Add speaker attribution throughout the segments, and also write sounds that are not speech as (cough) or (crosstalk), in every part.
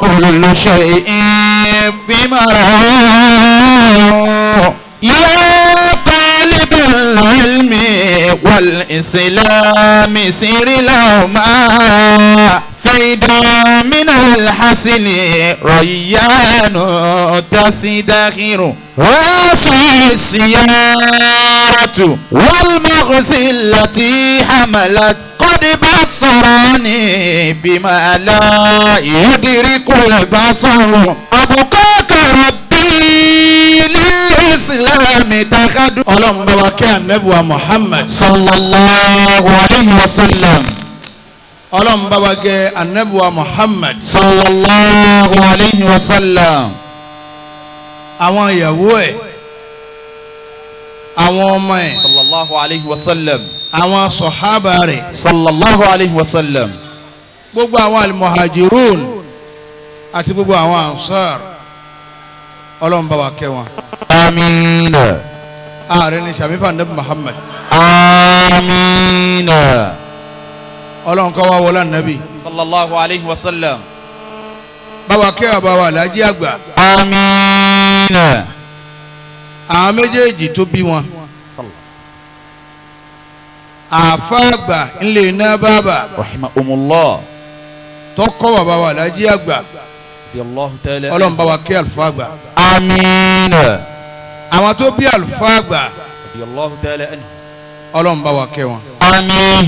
Speaker 1: كل شيء بمرعاه يا طالب
Speaker 2: العلم والإسلام سير لهما فيدا من الحسن ريان تسدخر وفي السيارة والمغز التي حملت قد بصرني بما لا يدرك البصر أبقاك ربي للإسلام تخد اللهم بارك نبوة محمد صلى الله عليه وسلم اللهم بارك النبوة محمد صلى الله عليه وسلم àwọn ìyàwó ẹ àwọn ọmọ ẹ. sallallahu alayhi wa sallam àwọn sọ̀hábà rẹ̀. sallallahu alayhi wa sallam. gbogbo àwọn almuhajirun àti gbogbo àwọn ansar ọlọ́run bá wa kẹ́ wọn.
Speaker 1: amiina.
Speaker 2: ààrẹ ni sàmífà ndé muhammad. amiina. ọlọ́run kọ́ wa wọlé ànábì. sallallahu alayhi wa sallam. báwa kẹ́ wa báwa àgbà. amiina. àwọn méjèèjì tó bí wọn àfàgbà ńlẹ̀ iná bàbà. rahimahumullah. tọkọ bàbá wa lajì àgbà. ọlọ́run bá wa kí àlùfáà àgbà. amiina. àwọn tó bí àlùfáà àgbà. ọlọ́run bá wa kẹ́ wọn. àmín.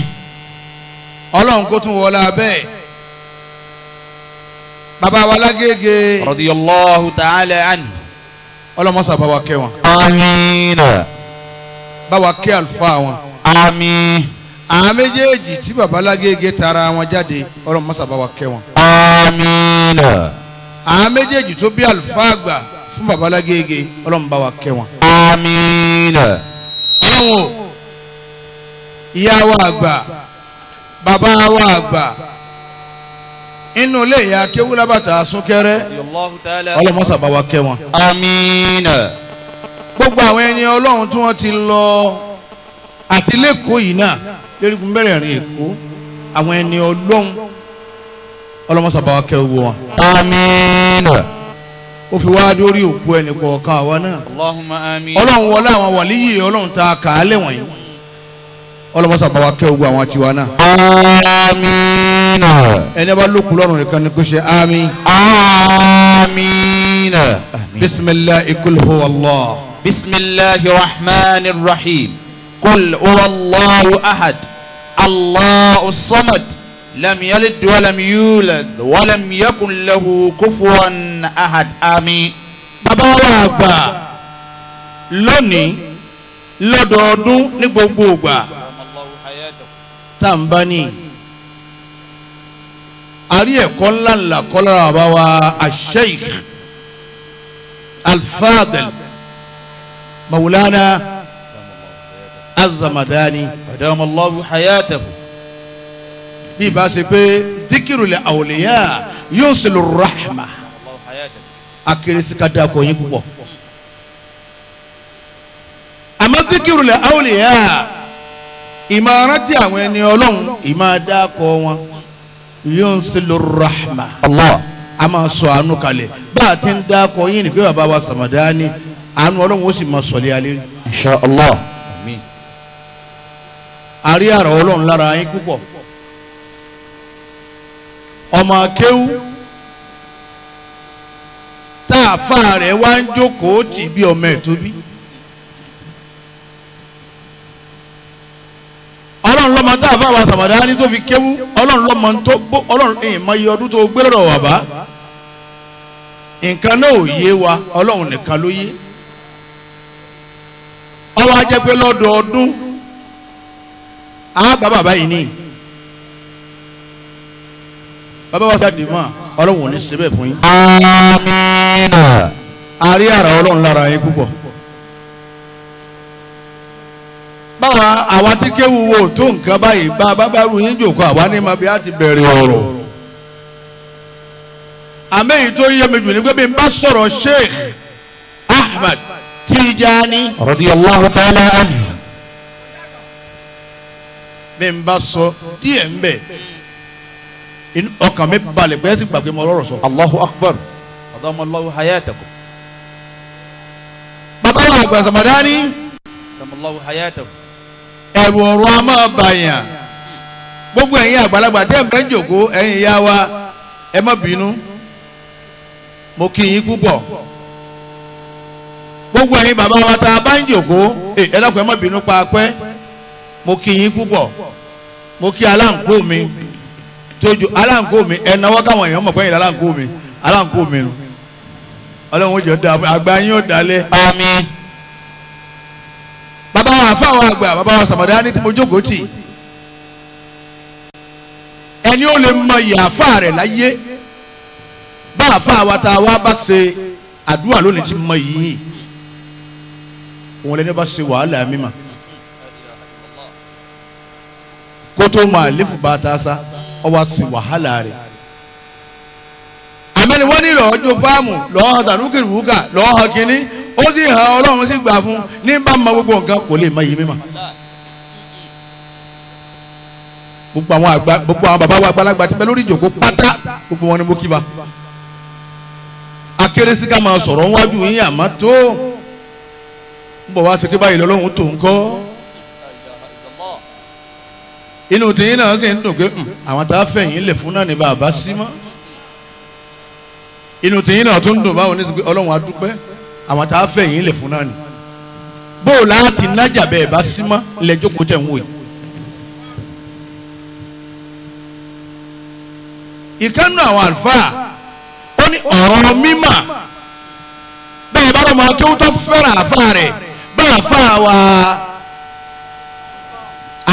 Speaker 2: ọlọ́run kó tún wọlé abẹ́ bàbá wa lágége. radiyallahu ta'ala anhu. ọlọ́run mọ́sá wa kẹ́ wọn. amiina. bá wa kẹ́ àlùfáà wọn àmín. àwọn méjèèjì tí babalágége tara wọn jáde ọlọ́run mọ́sá bá wa kẹ́ wọn. àmín. àwọn méjèèjì tó bí àlùfáà àgbà fún babalágége ọlọ́run bá wa kẹ́ wọn. àmín. ọlọ́run o ìyá wa àgbà bàbá wa àgbà inú ilé ìyá akéwúlábàtà súnkẹrẹ ọlọmọsàbáwa kẹ́ wọn. àmín. gbogbo àwọn ẹni ọlọ́run tí wọ́n ti lọ àti lẹ́kọ̀ọ́ yìí náà lẹ́rìkún bẹ̀rẹ̀ rìn èkó àwọn ẹni ọlọ́run ọlọ́mọsàbà kẹ́ owó wọn. amiina. ó fi wá dórí òkú ẹnì kọ̀ọ̀kan àwa náà. ọlọ́run wọlé àwọn wàlíyì ọlọ́run ta kàálẹ̀ wọ̀nyí ọlọ́mọsàbà kẹ́ owó àwọn tiwa náà. amiina. ẹni bá lókun lọ́rùn nìkan ni kò ṣe àmín. amiina. bisimilahi kulhu allah. bisimilahi rahmanir rahim. قل هو الله أحد الله الصمد لم يلد ولم يولد ولم يكن له كفوا أحد آمين bàbá wa àgbà lónìí lọ́dọọdún ní gbogbo ìgbà tá à ń bá ní àrí ẹ̀kọ́ ńláńlá kọ́ lára bàbá wa Al-Sheikh Al-Fadil Mawlana azamadani adamallahu hayatahu bí ibà ṣe pé dikirule awuliya yóò sèlú rahma akérésì ka da kò yín púpọ̀ àmọ́ dikirule awuliya ìmọ̀ràn tí àwọn ẹni ọlọ́run ìmọ̀ da kọ wọn yóò sèlú rahma a máa sọ àánú kalẹ̀ bá a ti ń da kọ yín ni pé bàbá wa sàmàdání àánú ọlọ́run ó sì máa sọ̀lẹ́ alẹ́ rí. àrí àrà ọlọ́run lára yín púpọ̀ ọmọ akéwú taa rẹ̀ wá ń jókòó tì bí ọmọ ẹ̀ tóbi ọlọ́run lọ́mọ tá wa sàmàdá ní tó fi kéwú ọlọ́run lọ́mọ tó ọlọ́run ẹ̀yìn iye ọdún tó gbé lọ́dọ̀ wà bá nǹkan náà ò yé wa ọlọ́run nìkan ló yé ọwọ́ ajẹ́pẹ́ lọ́dọọdún. á bá bàbá yìí ní bàbá wa sáà dì mọ́ ọlọ́run ò ní sebẹ̀ fún yín. amiina. a rí ara ọlọ́run lára yín púpọ̀. báwa àwa tí kéwu wo tó nǹkan báyìí bá bábáru yín jòkó àwa ní ma bí a ti bẹ̀rẹ̀ ọ̀rọ̀. àmẹ́yìí tó yẹ mi jù ní pé bí n bá sọ̀rọ̀ Sheikh Ahmad Tijani. radiyallahu ta'ala anhu bí n bá sọ díẹ̀ ń bẹ̀ ọkàn mi balẹ̀ bẹ́ẹ̀ sì gbàgbé mọ ọlọ́rọ̀ sọ. Allahu akbar adama Allahu hayatakum. bàbá wa àgbà sàmàdání.
Speaker 1: adama Allahu hayatakum.
Speaker 2: ẹ̀rù ọ̀rọ̀ a máa bàyàn gbogbo ẹ̀yin àgbàlagbà tẹ́ ẹ̀ ń jòkó ẹ̀yin yá wa ẹ má bínú mo kí yín púpọ̀ gbogbo ẹ̀yin bàbá wa tá bá ń jòkó ẹ̀ ẹ̀ dákun ẹ má bínú pa apẹ́ mo kí yín púpọ̀ mo kí aláǹkó mi tójú aláǹkó mi ẹ náwó káwọn èèyàn mọ̀ pé ìlà aláǹkó mi aláǹkó mi nù ọlọ́run jọ da àgbà yín ó dalẹ̀. àmín. bàbá wa fáwọn àgbà bàbá wa sàmọ̀dá ní tí mo jókòó tì ẹni ó lè mọ ìyàfa rẹ̀ láyé bá àfa wa ta wa bá ṣe àdúrà lónìí tí mọ yìí òun lẹni bá ṣe wàhálà mímọ́. kótó ma lífù bá ta sa ọwọ́ ti wàhálà rẹ̀ àmẹ́ni wọ́n ní lọ́ọ́jọ́ fáàmù lọ́ọ́ tànúkìrì wúkà lọ́ọ́ hàn kínní ó sì hàn ọlọ́run sì gbà fún ní bá ma gbogbo nǹkan kò lè mọ iye mímọ́ gbogbo àwọn àgbà gbogbo àwọn bàbá wa àgbàlagbà ti bẹ lórí ìjòkó pátá gbogbo wọn ni mo kí ba akérésì ká máa sọ̀rọ̀ wájú yín àmọ́ tó ń bọ̀ wá ṣe báyìí lọ́lọ́run tó ń kọ́ inú tìyín náà sì ń dùn pé hmm, àwọn tá a fẹ̀yìn lè fún náà ní bàbá sí mọ́ inú tìyín náà tún dùn báwọn oníṣègùn ọlọ́run á dúpẹ́ àwọn tá a fẹ̀yìn lè fún náà ní. bóò láti nájà bẹ́ẹ̀ bá sí mọ́ lẹ́jọ́ kó tẹ̀ ń wò yìí. àwọn àlùfáà ó ní ọ̀rọ̀ mímà bẹ́ẹ̀ bá rọ̀ mọ́ fẹ́ràn àfa rẹ̀ bá àfa wa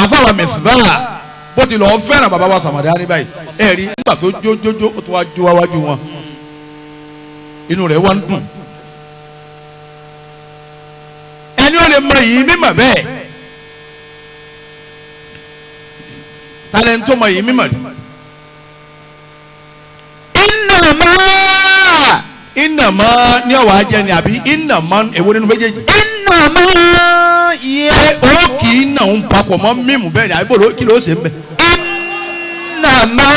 Speaker 2: àfàwà mẹsìlá bó ti lọ fẹ́ràn bàbá wa Sàmàdánì báyìí ẹ rí nígbà tó jójójó ó tó wá jó wájú wọn inú rẹ̀ wá ń dùn ẹni ó lè mọ èyí mímọ̀ bẹ́ẹ̀ talẹ̀ ń tó mọ èyí mímọ̀ rí. ìnàmọ́ ìnàmọ́ ní ọ̀wá jẹ ni àbí ìnàmọ́ èwo nínú méjèèjì nà mí. ó kì í nà ń papọ̀ mọ́ mímu bẹ́ẹ̀ ni àbíbò kí ló ṣe ń bẹ̀. ẹ nà má.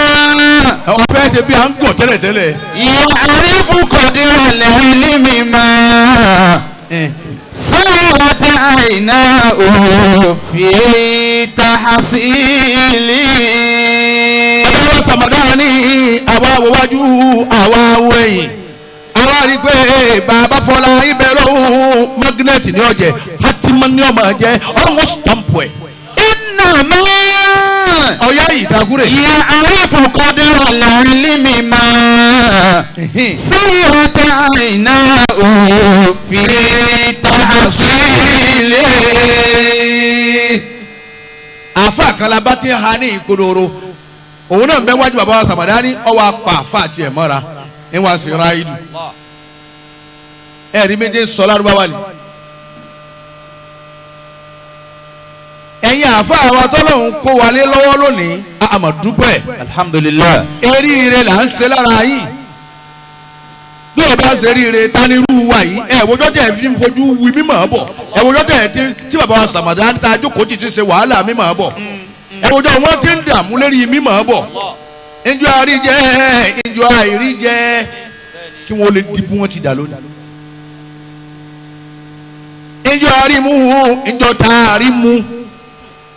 Speaker 2: ọ fẹ́ ṣe bí à ń gọ̀ tẹ́lẹ̀tẹ́lẹ̀. ìyá àrífù kọ̀dé rẹ̀ lẹ́yìn ní mi máa. sáyà tí àìná òfin tàhásílì. ọlọ́wọ́ sàmọ̀dá ni àwa wo àwa wo rí pé eh, bàbá fọlá ibẹ̀ lóhùn mágínẹ́ẹ̀tì ní ọ̀jẹ̀ hatiman ní je jẹ́ stamp ẹ̀. iná mẹ́rin. ọ̀yá yi dagure ya kọ́dúrà
Speaker 1: láàrin límì máa. sẹ́yìn ọ̀tá àìná òfin tàbílẹ̀.
Speaker 2: àáfàá kan ti ha òun náà ń bẹ wájú bàbá wa apá ẹ̀rí méje sọ lárúbáwá ni. ẹ̀yin àáfàá wa tọ́lọ́hún kó wálé lọ́wọ́ lónìí. àmọ̀dúpẹ́ alhamdulilayi. eríire là ń ṣe lára yìí bí o bá ṣe ríire tánirú wa yìí ẹ wojọ́ tẹ̀ fi fojú wi mímọ̀ bọ̀ ẹ wojọ́ tẹ̀ tí bàbá wa sàmàdà ta jókòó ti ti ṣe wàhálà mímọ̀ bọ̀ ẹ wojọ́ wọn ti ń dààmú lérí mímọ̀ bọ̀ ìjọ àríjẹ ìjọ àìríjẹ kí wọn lè dìbò wọn ti dà lónìí níjọ́ rí mu níjọ́ tá a rí mu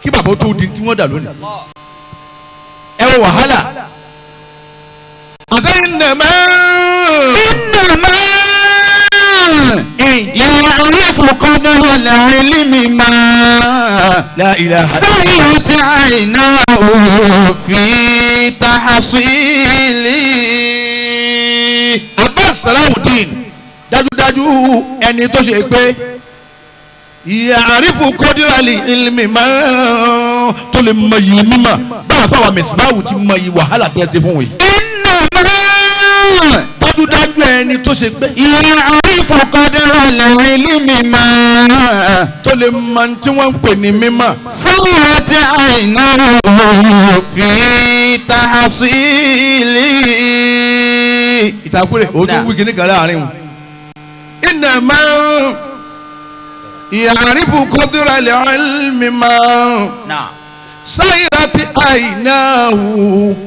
Speaker 2: kí bàbá tó di tí wọ́n dà lónìí ẹ wọ wàhálà àti ìnàmẹ́. ìnàmẹ́. يعرف قدر العلم ما لا إله سعيت عيناه في تحصيله Abbas Salahuddin dájúdájú ẹni tó ṣe pé yàrífù kọ́dírálì ilmi máa tó lè mọ yìí mímọ̀ báwa fáwa mẹ̀sìmáwù ti mọ yìí wàhálà tẹ́ ṣe fún wọn. iná máa dájúdájú ẹni tó ṣe pé. yàrífù kọ́dírálì ilmi máa tó lè mọ tí wọ́n ń pè ní mímọ̀. sílẹ̀ tí àìná òfin tàásìlì. ìtàkùrẹ̀ ojú wíkì ní kàrá àárín wọn. iná máa. يعرف قدر العلم ما سيرت عيناه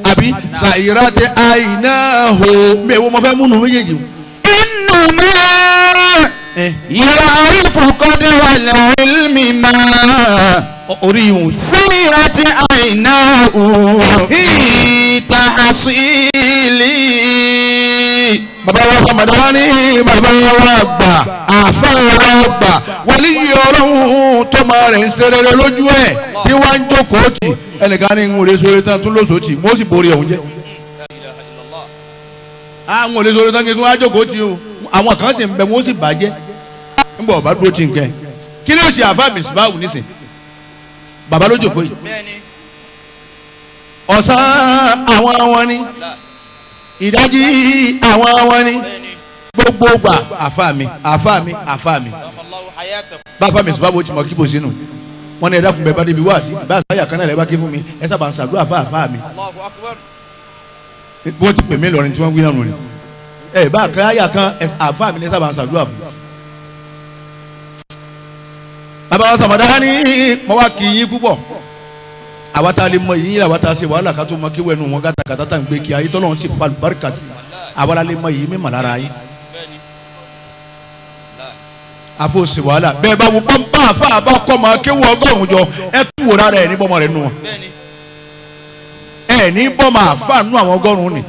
Speaker 2: أبي سيرت عيناه ميو ما فهم منو ميجيو إنما
Speaker 1: يعرف قدر
Speaker 2: العلم ما أريو سيرت عيناه تحصيلي bàbá wa sọmọdé wa ní bàbá wa gbà àfa wa gbà wàlí yìí ọlọ́run tó máa rẹ̀ ń serere lójú ẹ̀ tí wọ́n ń jókòó tì ẹnìkan ní ń wòlé sórí tán tún lóṣòó tì mo sì borí ọ̀hún jẹ́. àwọn òlé sórí tán kí wọ́n á jókòó tì o àwọn kan sì ń bẹ wọ́n sì bàjẹ́ ń bọ̀ bá dúró tì ń kẹ́ kí ló ṣe àfa mìsíbáwù nísìn bàbá ló jókòó yìí ọ̀sán àwọn wọn ni ìdájí àwọn wọn ni gbogbo gbà àfa mi àfa mi àfa mi bàbá mi sọ́ba bójú mọ́ kí bò sínú wọn ní ẹ̀dá kun bẹ́ẹ̀ bá débi wá sí ìbá àyà kan náà lẹ́ẹ̀ bá ké fún mi ẹ sábà ń sàdúrà àfa àfa mi ti pè mí lọ́rin tí wọ́n wí náà nù ẹ bá kan àyà kan àfa mi ẹ sábà ń sàdúrà fún bàbá wa sọmọdá ní mo wá kì í yín púpọ̀ àwa tá a lè mọ yìí àwa tá a ṣe wàhálà ká tó mọ kí wẹ́nu wọn gàtà kàtà tá n gbé kí ayé tọ́lọ́run fa àlùbáríkà sí àwa la lè mọ yìí mímọ̀ lára yín. àfo ṣe wàhálà bẹ́ẹ̀ bá wo pampa àfa àbá kọ́ ma kéwọ́ ọgọ́rùn jọ ẹ tú wò rárá ẹ̀ ní bọ́mọ rẹ̀ nù wọn. ẹ ní bọ́mọ àfa nù àwọn ọgọ́rùn ni.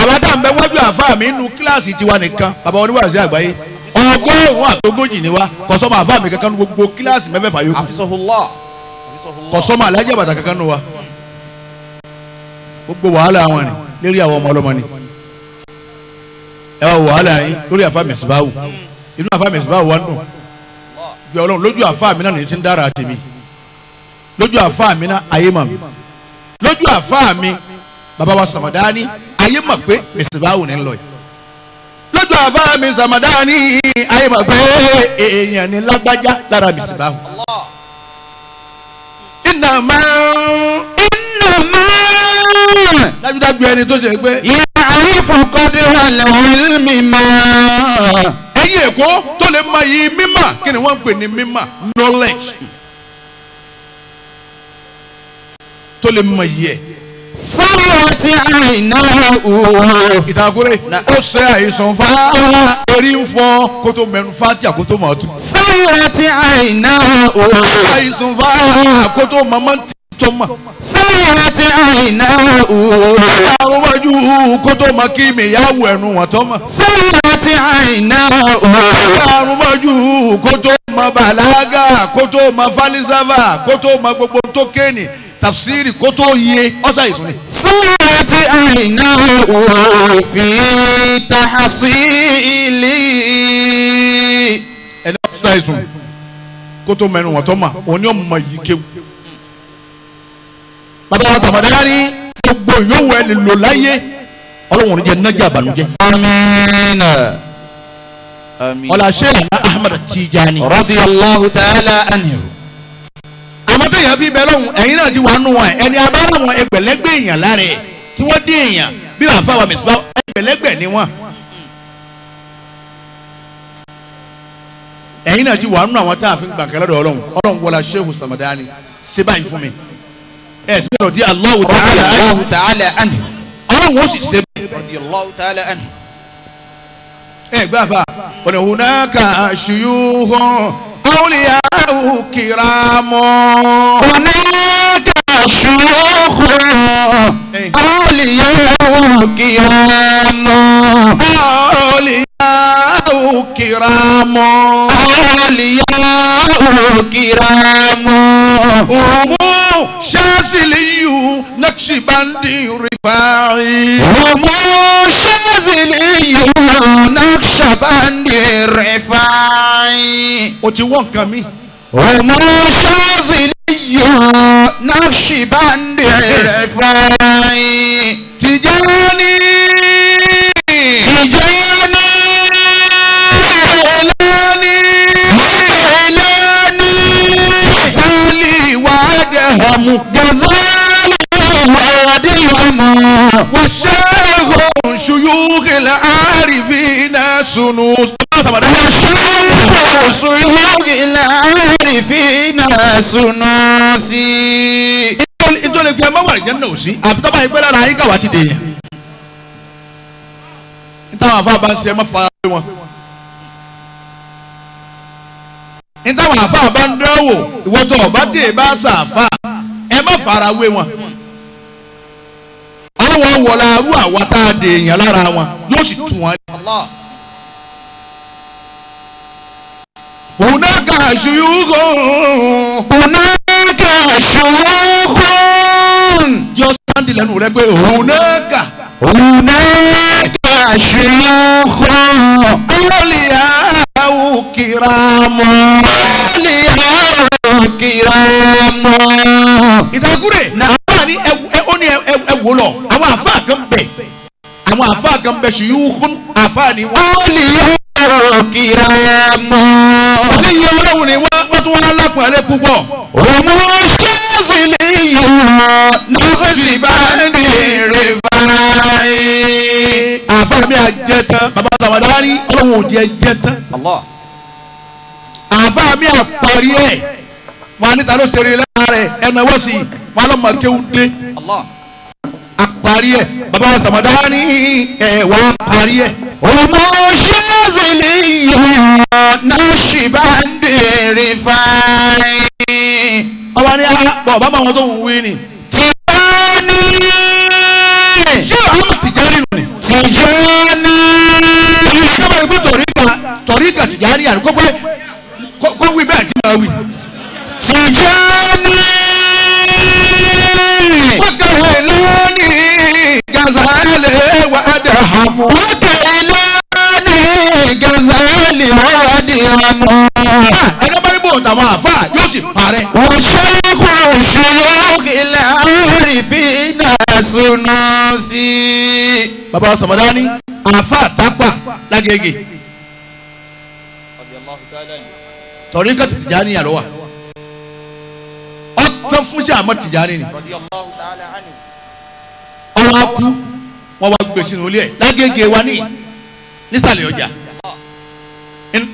Speaker 2: àwa tá à ń bẹ wájú àfa mi nu kíláàsì tiwa nìkan bàbá oníwàásí àgbáyé ọgọ́rùn-ún àtogójì ni wa kọ́sọ́mọ àfa mi kankan gbogbo kíláàsì mẹ́fẹ̀ẹ̀fà yòókù. àfisọ̀hùn lọ́ọ̀ kọ̀sọ́mọ alájà bàtà kan nù wa gbogbo wàhálà wọn ni lérí àwọn ọmọ ọlọ́mọ ni ẹ wọ wàhálà yín lórí àfa mẹsìbáwò inú àfa mẹsìbáwò wa nù bí ọlọ́run lójú àfa mi náà ní ti ń dára tèmi lójú àfa mi náà ayé mà mí lójú àfa mi bàbá wa sàmàdáni ayé mà pé mẹsìbáwò ní lọ yìí lójú àfa mi sàmàdáni ayé mà pé èèyàn ní lágbájá lára mẹsìbáwò iná máa. iná máa. dájúdájú ẹni tó ṣe pé. ìyá àrífọ̀ kọ́dé wà lẹ́wọ̀n mi máa. ẹ̀yin èkó tó lè mọ iyì mímọ̀ kí ni wọ́n ń pè ní mímọ̀ knowledge tó lè mọ iyì ẹ̀ sáwọn ti àìná òwò. ìtàkùrẹ́ ó ṣe àìsàn fa orí ń fọ́ kó tó mẹ́nu fájà kó tó mọ̀ ọ́tún. sáwọn ti àìná òwò. àìsàn fa kó tó mọ̀mọ́ tí tó mọ̀. sáwọn ti àìná òwò. àrùnwájú kó tó mọ kí mi yá wọ ẹnu wọn tó mọ̀. sáwọn ti àìná òwò. àrùnwájú kó tó mọ bàlágà kó tó mọ fálísàfà kó mọ gbogbo tó kéènì tafsiri kó tó yé ọ̀sà ìsúnlẹ̀. sọ́ra ti àìná òfin tahasili. ẹni ọ̀sà ìsún kó tó mẹnu wọ̀n tó mà òun ni ó yìí kéwù. bàbá wa sàmàdá gbogbo yòówù ẹni lò láyé ọlọ́wọ́n ò jẹ́ nájà àbànújẹ́. amiina ọ̀là sheikh ahmed tijani. radiyallahu ta'ala anhu. àmọ́ téèyàn fi bẹ́ẹ̀ lọ́hùn ẹ̀yin náà ti wà nù wọn ẹni abára wọn ẹgbẹ̀lẹ́gbẹ̀ èèyàn lára ẹ̀ tí wọ́n dé èèyàn bí wàá fáwọn mẹ̀sùbá ẹgbẹ̀lẹ́gbẹ̀ ni wọ́n. ẹ̀yin náà ti wà nù àwọn tá a fi gbà kẹ́lẹ́ wọlá sheikh samadani ṣe báyìí fún mi ẹ̀ sẹ́dọ̀ di Allahu ta'ala anhu. ọlọ́run ó sì ṣe
Speaker 1: báyìí. radiyallahu ta'ala anhu
Speaker 2: ẹ gbàfà ọ̀nà hunaka shuyuhun awliya'u kiramu. hunaka shuyuhun awliya'u kiramu. awliya'u kiramu. awliya'u kiramu. شاذلي نقشبندي رفاعي وما شاذلي نقشبندي رفاعي ó ti wọ́n kan mi. وما شاذلي نقشبندي رفاعي
Speaker 1: Tijani. العلم جزاله عادل
Speaker 2: وشيخ شيوخ العارفين سنوس وشيخ شيوخ العارفين سنوسي ìtòlè fi ẹmọ wà lè jẹ náà sí àfi tọ́ba ìgbẹ́ lára ayé káwá ti dè yẹn nítawọn afa bá ń ṣe ẹmọ fara lé wọn nítawọn afa bá ń dánwò ìwọ́tọ̀ ọ̀bá tè bá sàfà ẹ má fara wé wọn àwọn wọlé arú àwa tá a dè èèyàn lára wọn yóò sì tù wọn. òun náà kà ṣùgbọ́n. òun náà kà ṣùgbọ́n. yọ sáńdì lẹ́nu rẹ pé òun náà kà. òun náà kà ṣùgbọ́n. àwọn àfa kan bẹ ṣùyúkún àfa ni wọn. ó lè yọ kíra mọ́. wọ́n ní iye ọlọ́run ni wọ́n wọ́n tún wọ́n lápò ẹ̀rẹ́ púpọ̀. òmù ṣẹ́ẹ̀sì lè yọ nọ́ọ̀sì bá ní èrè báyìí. àfa mi àjẹ tán bàbá àtàwọn adarí ọlọ́run ò jẹ jẹ tán. àfa mi àparí ẹ̀ wọn ní ta ló ṣeré lára rẹ̀ ẹ̀ náwó sí wọn lọ́ọ́ kéwú dé. Allah parí ẹ̀ bàbá wa sàmọ̀dá ní ẹ̀ wá parí ẹ̀. ọmọ ṣẹ́ẹ̀sìlì yìí náà ṣì bá ń dèrè fáìn. ọba ní àpò bàbá àwọn tó ń wí ni. Tijani. ṣé àmọ̀ Tijani nù ni. Tijani. ìjọba ìgbé tọ̀ríkà tọ̀ríkà Tijani àná kó kó wí bẹ́ẹ̀ kí n máa wí. Tijani.
Speaker 1: gazali eh, wa adhamu. wákàlá ní gazali
Speaker 2: wa adhamu. ẹni bá ní bòun tàwọn àfa yóò sì parẹ́. wọ́n ṣe é kó ṣòro ilẹ̀ àrífínà sunu sí. bàbá sọ̀mọ́dá ní
Speaker 1: àfa tápà lágége tọ̀rí ká Tijani yà lọ́wọ́
Speaker 2: ọ̀tọ̀ fún sí àmọ́ Tijani ni ọ̀rọ̀ wọ́n wá gbé sínú ilé ẹ̀ lágége wa ní nísàlẹ̀ ọjà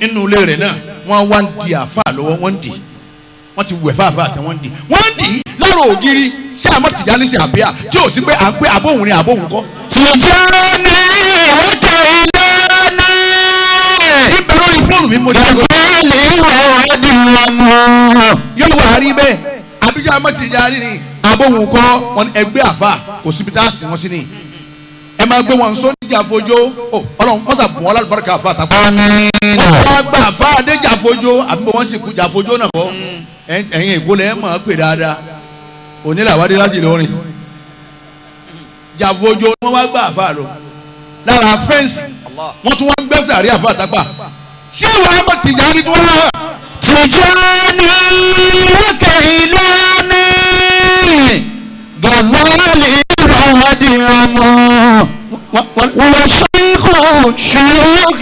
Speaker 2: inú ilé rẹ̀ náà wọ́n wá ń di àfa lọ́wọ́ wọ́n ń di wọ́n ti wẹ̀ fáfá àtẹ wọ́n ń di wọ́n ń di lọ́rọ̀ ògiri ṣé àmọ́ tìjà ní ṣe àbíyá tí ò sí pé à ń pé àbóhùn ni kọ́. tìjà ni ìwọ́tò ilé náà. níbẹ̀ lórí fóònù mi mo ti sọ. ìṣẹ̀lẹ̀ ìwọ̀n di ọmọ. yóò wá rí bẹ́ẹ̀ àbíṣe àmọ́ tìjà ni àbóhùn kọ́ wọn ẹgbẹ́ àfa kò síbi tá a sìn wọ́n sí ni ẹ máa gbé wọn sódìjà fojó ọ Ọlọ́run wọn sà bùn ọlọlùbáràkà àfa àtàkùn wọn bá gbà àdéjà fojó àbí wọn sì kújà fojó náà kọ ẹ̀yin èkó ẹ máa pè dáadáa onílàwádìí láti lọrin jàfojó wọn wá gbà àfa lọ lára fẹ́ǹsì wọn tún wọn gbẹ́sẹ̀ àrí àfa àtàkpà ṣé wàá mọ̀ tìjà ni tí wọ́n rà. tìjà ni wákẹ́
Speaker 1: ìlànà gàzálì ìrọ̀lẹ́ ọmọ. وشيخ شيوخ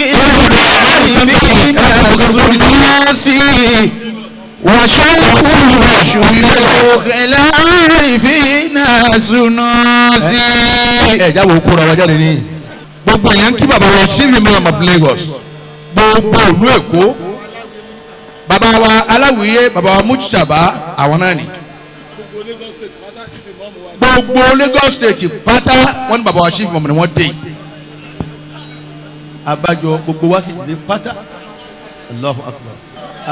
Speaker 1: العالمين السداسي وشيخ
Speaker 2: شيوخ العارفين السناسي. ẹ jáwé okú ra wájà lè ní. gbogbo èèyàn kí bàbá wọn sí ìlú mìíràn of Lagos gbogbo ìlú Èkó bàbá wa aláwìyé bàbá wa mújútàbá àwọn náà ni gbogbo Lagos state pátá wọ́n ní bàbá wa chief mọ̀mọ́ ni wọ́n dé abájọ gbogbo wa sì dé pátá Allahu Akbar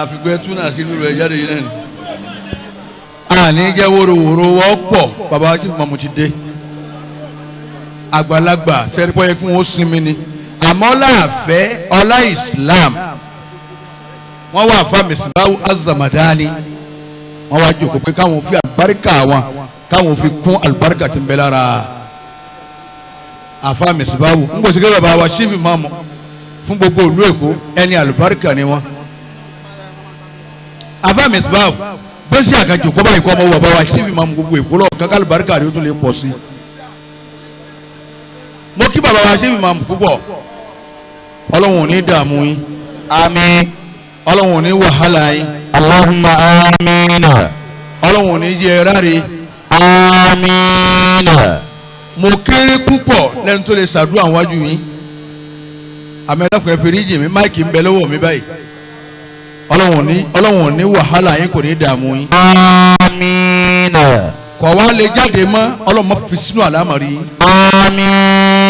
Speaker 2: àfikún ẹ túnà sínú rẹ jáde yìí lẹ́nu àní jẹ́ wóróworó wọ́n pọ̀ bàbá wa chief mọ̀mọ́ ti dé àgbàlagbà sẹ́rípọ̀ yẹ kí wọ́n sinmi ni àmọ́ láàfẹ́ ọlá Islam wọ́n wà fámìsì báwo azamadani wọ́n wá jòkó pé káwọn fi àbáríkà wọn táwọn fi kún alibarika ti ń bẹ lára àfa mẹsibáwò ń gbèsè kébà bá wa sífì máa mọ fún gbogbo ìlú èkó ẹni alibarika ni wọn àfa mẹsibáwò bẹ́sẹ̀ àkàjọ kọ́ báyìí kọ́ ọmọ wà bá wa sífì máa gbogbo èkó lọ kankan alibarika ni ó tún lè pọ̀ sí i mo kí bàbá wa sífì máa mọ púpọ̀ ò ní dààmú yín àmín ọlọ́run ò ní wàhálà yín. Allahumma amina. ọlọ́run ò ní jẹ́ ráre. Amina. mo kéré púpọ̀ lẹ́nu tó lè ṣàdúrà wájú yín àmẹ́dàkùn ẹ̀fẹ̀ ríjì mi máìkì ń bẹ lọ́wọ́ mi báyìí ọlọ́wọ̀n ní ọlọ́wọ̀n ní wàhálà yín kò ní dààmú yín. lè jáde mọ́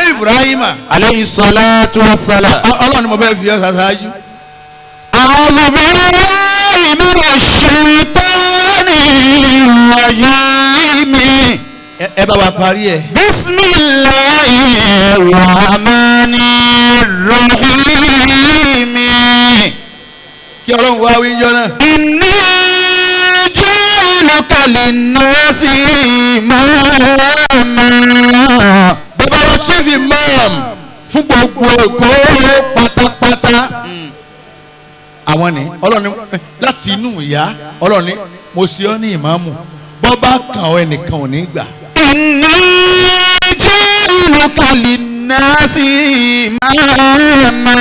Speaker 2: ànábì Ibrahim. aleyhi salatu wa salam. ọlọ́run ni mo bẹ́ẹ̀ fi ọ́ ṣáṣáájú.
Speaker 1: a'udhu billahi minash shaitanir rajim.
Speaker 2: ẹ bá wa parí ẹ.
Speaker 1: bismillahir rahmanir
Speaker 2: rahim. kí ọlọ́run wá wíjọ náà. iná lọ́kàlẹ̀ náà sí máa máa bàbá wa chief imam fún gbogbo èkó pátápátá àwọn ni ọlọ́ni eh, láti inú ìyá ọlọ́ni mo ṣe ọ́ ní ìmáàmù bọ́ bá kàn ọ́ ẹnìkan ò ní gbà. iná jẹ́ ìlúkalì náà sí màmá.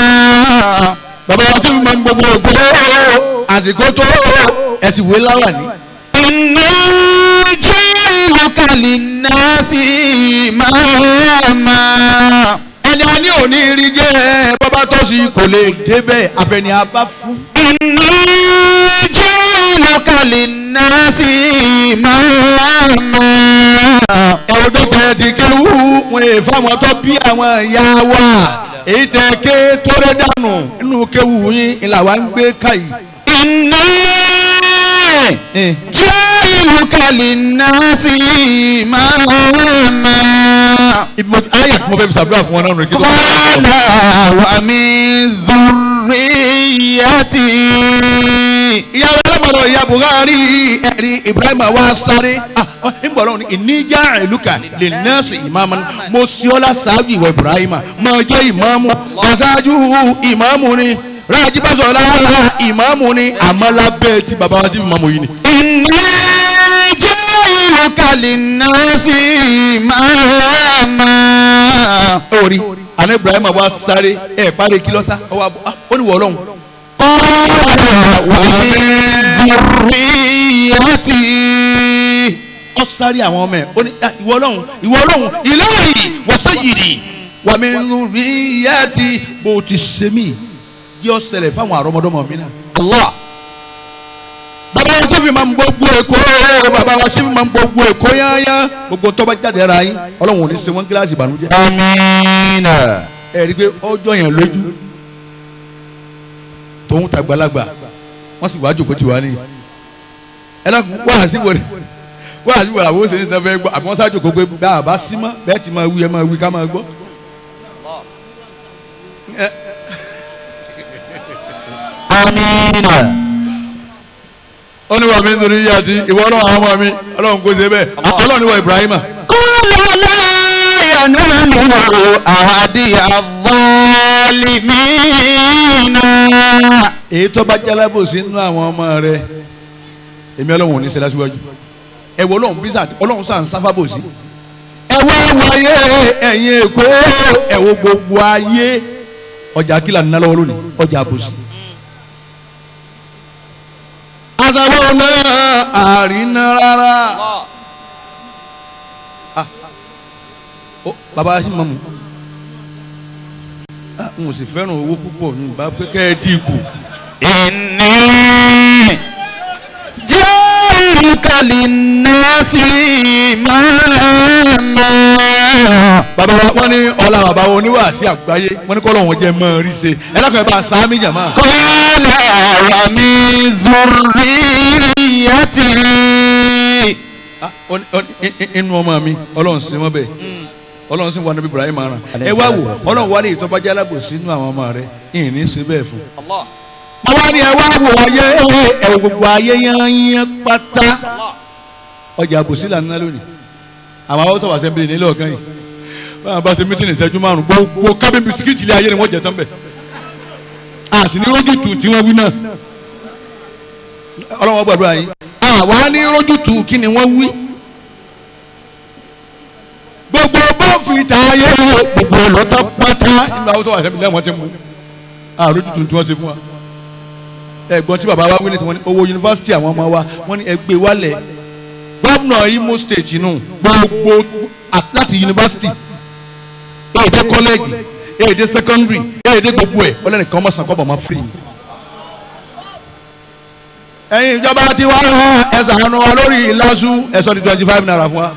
Speaker 2: bàbá wa tí gbogbo ògbó àsìkò tó ẹ̀sìn láwà ní. iná jẹ́ lílùkà lè ná sí màmá. ẹni a ní òní rí jẹ́ bọ́bá tó sì kò lè débẹ̀ àfẹni a bá fún. iná jẹ́ lílùkà lè ná sí màmá. ẹ̀rọ dọ́kítà ti kéwú wọn è fáwọn tó bí àwọn ìyá wa èyí tẹ ké tó rẹ dànù inú kéwú yín ìlà wa ń gbé káyì. iná eh. jẹ́ yunziluka linnasi màmá. ayé mo fẹ́ fi sàdúrà fún wọn náà nìkí. kọ́lá wà mí zurriyati. ìyàwó alábọ̀dọ̀ ìyá Buhari ẹ̀rí Ibrahim wa sáré. ìbọn náà ìníjà ìlúkà linnasi màmá. mo ṣíọ́lá sáájú ìwọ Ibrahim máa jẹ́ ìmáàmù ọ̀ṣáájú ìmáàmù ni rájí bá sọ̀rọ̀ lára ìmáàmù ni àmọ́ lábẹ́ ti bàbá wa ti mọ̀mọ́ yìí ni innaka linnasi màmá. orí àná Ibrahim wa sáré ẹ parí kí lọ́sà ọwọ́ àbọ̀ ah, ó ní wọ́ọ́lọ́hún. ọ̀rọ̀ wà ní zurriyati. ó sáré àwọn ọmọ ẹ ó ní ah, ìwọ Ọlọ́hun ìwọ Ọlọ́hun ilahi wa sayyidi wa min zurriyati bó ti sẹ́mi yóò ṣẹlẹ̀ fáwọn àrọ́mọdọ́mọ mi náà. Allah ṣífì máa ń gbogbo èkó bàbá wa ṣífì máa ń gbogbo èkó yányá gbogbo tọ́ba jáde ara yín ọlọ́run ò ní ṣe gíláàsì ìbànújẹ́. amiina. ẹ rí i pé ọjọ́ yẹn lójú tòun tàgbàlagbà wọ́n sì wá jòkó tiwa ní. ẹ náà wá sí wọlé wá sí wọlé àwọn òṣèlú ìtàn gbọ́ àbí wọ́n sá jòkó pé bá a bá sí mọ́ bẹ́ẹ̀ ti máa wí ẹ máa wí ká máa gbọ́. amiina ó ní wàmí nítorí yíyá ti ìwọ ọlọ́run àwọn ọmọ mi ọlọ́run kò ṣe bẹ́ẹ̀ ọlọ́run ìwọ Ibrahim.
Speaker 1: kúlọ̀ láyọ̀nù nù àhàdì
Speaker 2: àbọ̀lìmínà. èyí tó bá jálábò sí inú àwọn ọmọ rẹ èmi ọlọ́run ò ní ṣe lásìwájú ẹ wọ ọlọ́run bí ọlọ́run sàn sáfàbò sí. wáyé ẹ̀yìn èkó ẹ̀wọ̀ gbogbo ayé ọjà kìlà ńlá lọ́wọ́ lónìí ọjà àbòsí aṣẹ́wó náà àrínà rárá. Ah, ah. Oh, bàbá Aṣímọ̀mù ah, n ò sì fẹ́ràn owó púpọ̀ ní bá pé kẹ́ ẹ dìgbò. ìní jẹ́ ìkàlì náà sí máa ń lọ bàbá wọn ní ọlá bàbá wọn oníwà sí àgbáyé wọn ní kọ́lọ́ wọn jẹ́ mọ́ rí ṣe ẹ lákàn bá a sá mi jàmá. kọ́lá wà mí zurri yàtì. inú ọmọ mi ọlọ́run sí wọn bẹ́ẹ̀ ọlọ́run sì wà níbi Ibrahim aran ẹ wá wò ọlọ́run wà ní ìtọ́bajẹ́ alábòsí inú àwọn ọmọ rẹ ìní ṣe bẹ́ẹ̀ fún.
Speaker 1: àwa ni ẹ wá wò ọyẹ ẹ gbogbo ayé
Speaker 2: yẹn yẹn pátá ọjà àbòsí là ń ná lónìí àwọn àwọn sọ̀rọ̀ àṣẹ nílé ọ̀kan yìí báwọn bá ṣe mítìnì ìṣẹ́jú márùn gbogbo kábíyèmí bisikíìtì ilé ayé ni wọ́n jẹ tán bẹ̀ àti ní rójútù tí wọ́n wí náà ọlọ́wọ́ gbàdúrà yín àwa ní rójútù kí ni wọ́n wí gbogbo bọ́ọ̀fù ìta ayé gbogbo lọ́tọ́ pátá nínú àwọn sọ̀rọ̀ àṣẹ nílé wọn ti mú àrójútù tí wọ́n ṣe fún wa ẹ̀gbọ́n tí bàbá wa wí ní owó yunifásitì àwọn ọmọ wa wọ́n ní ẹgbẹ́ wálẹ̀ gómìnà Imo State nù gbogbo láti yunifásitì èdè kọ́lẹ́ẹ̀jì èdè sẹ́kọ́ndìrì èdè gbogbo ẹ̀ ọlẹ́nìkan ọmọ sàkọ́bọ̀ ọmọ firi. ẹ̀yin ìjọba ti wá rán ẹ̀sà àánú wa lórí ìlàsù ẹ̀sọ́ di twenty five naira fún wa.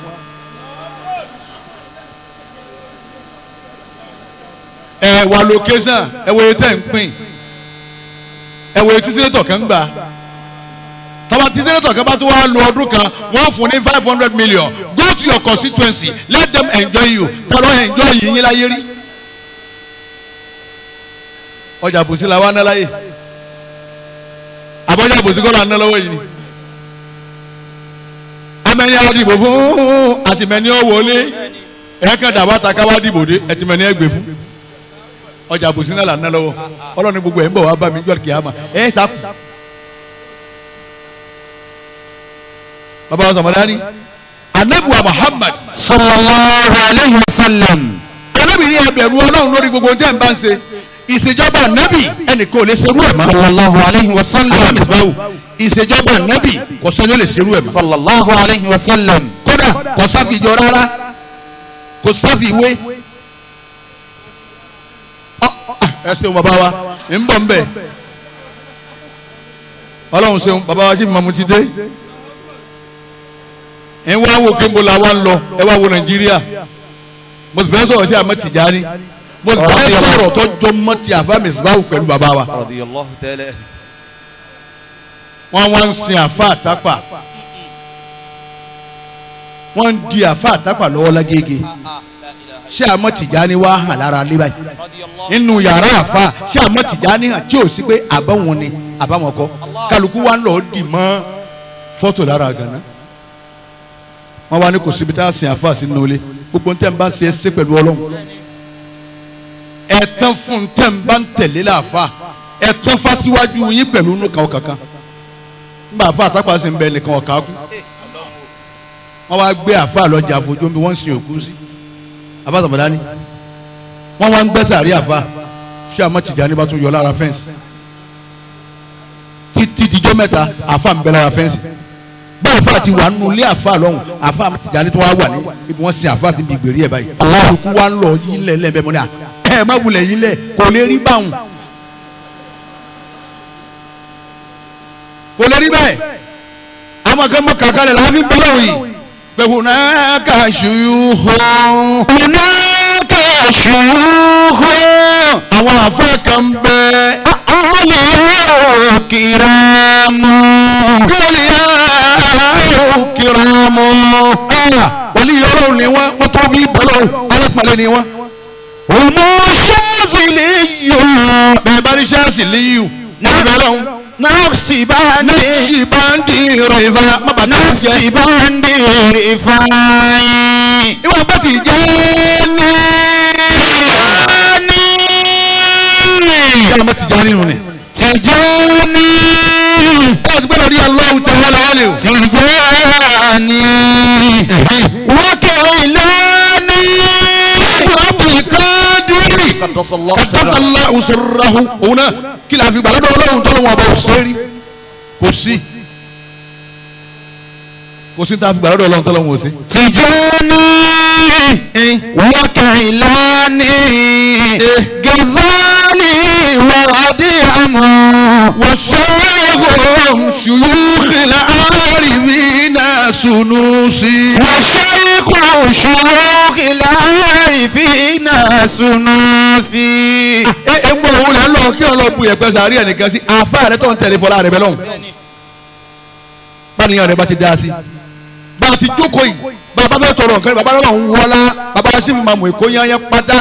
Speaker 2: ẹ wà lókésàn ẹ wo etí ń pín ẹ wo etí sílẹ̀ tọ̀ gbà tọ́ba tí sẹ́nẹ́tọ̀ kan bá tún wá lo ọdún kan wọ́n fún ní five hundred million go to your constituency let them enjoy you tọ́lọ́ enjoy yìí yín láyé rí. ọjà àbòsí la wá ná láyè àbọ̀jà àbòsí kọ́ la ná yìí ni. amẹ́ni á fún àtìmẹ́ni ó ẹ̀ẹ́kan dàbá ta dìbò dé ẹ̀tìmẹ́ni ẹ̀ fún ọjà àbòsí náà là ná ọlọ́ni gbogbo ẹ̀ ń bọ̀ wá bá mi jọ́ bàbá wa sàmàdánì anabiwa muhammad sallallahu alayhi wa sallam anabi ni ẹbẹ̀rù ọlọ́run lórí gbogbo tẹ́ ń bá ń ṣe ìṣèjọba anabi ẹnìkan ò lè ṣerú ẹ̀ mọ́ sallallahu alayhi wa sallam alamibawo ìṣèjọba anabi kò sẹ́ni lè ṣerú ẹ̀ mọ́ sallallahu alayhi wa sallam kódà kò sáfì jọ rárá kò sáfì ìwé ẹ ṣeun bàbá wa ń bọ̀ ń bẹ̀ ọlọ́run ṣeun bàbá wa ṣì mọ̀ mu ti dé ẹ wá wo kí n bolo àwa ń lọ ẹ wá wo nàìjíríà mo sì fẹ́ sọ̀rọ̀ sí àmọ́ Tìjàní mo sì fẹ́ sọ̀rọ̀ tọ́jọ́ mọ́ ti àfa mẹ̀sìbáwò pẹ̀lú bàbá wa. wọ́n wá ń sin àfa àtàpà wọ́n ń di àfa àtàpà lọ́wọ́ lágége ṣé àmọ́ Tìjàní wá hàn lára lé báyìí nínú yàrá àfa ṣé àmọ́ Tìjàní hàn tí ò sí pé àbáwọn ni àbáwọn kọ kálukú wa ń lọ dì mọ́ fọ́tò lára gànáà wọ́n wá ní kò síbi tá a sìn àfa sí nulẹ̀ gbogbo ntẹ́ ń bá ṣe é ṣe pẹ̀lú ọlọ́run ẹ tán fún ntẹ́ ń bá ń tẹ̀lé láàfa ẹ tán fásiwájú yín pẹ̀lú nù kàwọ́ kankan nígbà àfa àtàkùn àti nbẹ nìkan ọ̀ka kú wọ́n wá gbé àfa àlọ́jà àfojú omi wọ́n ń sin òkú sí àfa sàmàdá ni wọ́n wá ń gbẹ́sẹ̀ àrí àfa ṣé àmọ́ tìjà ní bá tún yọ lára fẹ́ǹsì títí dijọ́ mẹ́ta àfa ń bẹ lára fẹ́ǹsì bá àfa ti wà nínú ilé àfa lọ́hùn àfa àtijọ́ tó wà wà ní ibi wọ́n sin àfa ti di gbèrè ẹ̀ báyìí olùkú wa ń lọ yí lẹ̀ lẹ̀ bẹ́ẹ̀ mọ́ à ẹ̀ má wulẹ̀ yí lẹ̀ kò lè rí báwọn kò lè rí bẹ́ẹ̀ àwọn kan mọ kàkà rẹ̀ láàfin bẹ́ẹ̀ wò yìí bẹ́ẹ̀ náà kà ṣùyù ṣùgbọ́n àwọn àfáà kan bẹ. ọmọlẹ̀ yóò kíra mọ́. kọ́lẹ̀ yóò kíra mọ́. wọ́lí ọlọ́run ni wọ́n wọ́n tó bí bọ́lọ́ alápàlẹ́ ni wọ́n. òmò ṣáàzì lè yọ. bẹ́ẹ̀ bá rí ṣáàzì lè yù. wọ́n bẹ lọ́hùn. Nafsi bandi Nafsi bandi rifa Maba Nafsi bandi rifa
Speaker 1: Iwa bati jẹ́ ní. ṣé àmọ́ Tijani nù ni. Tijani.
Speaker 2: ó ti gbọ́dọ̀ rí Allahu ta'ala wálé o. Tijani. wákẹ́ ìlànà ìbùkádìrì. kàdásálà òṣèlú òun náà kí la fi gbà lọ́dọ̀ ọlọ́run tọ́lọ́wọ́n àbọ̀ òṣèré kò sí kò sí ta fi gbà lọ́dọ̀ ọlọ́run tọ́lọ́wọ́n òṣèré.
Speaker 1: Tijani eh? wákẹ́ ìlànà eh? gẹ̀zálì. والأدهم وشيخهم
Speaker 2: شيوخ العارفين سنوسي وشيخ شيوخ العارفين سنوسي egbò òun lẹ lọ kí ọlọ́bù yẹn pẹ́sẹ́ àárẹ̀ nìkan sí àfa rẹ tó ń tẹ̀lé fọlá rẹ bẹ́ẹ̀ lọ́hùn báníyàn rẹ bá ti dá sí bá a ti jókòó yìí bàbá bẹ́ẹ̀ tọrọ nǹkan bàbá náà ń wọlá bàbá sì máa mú èkó yányán pátá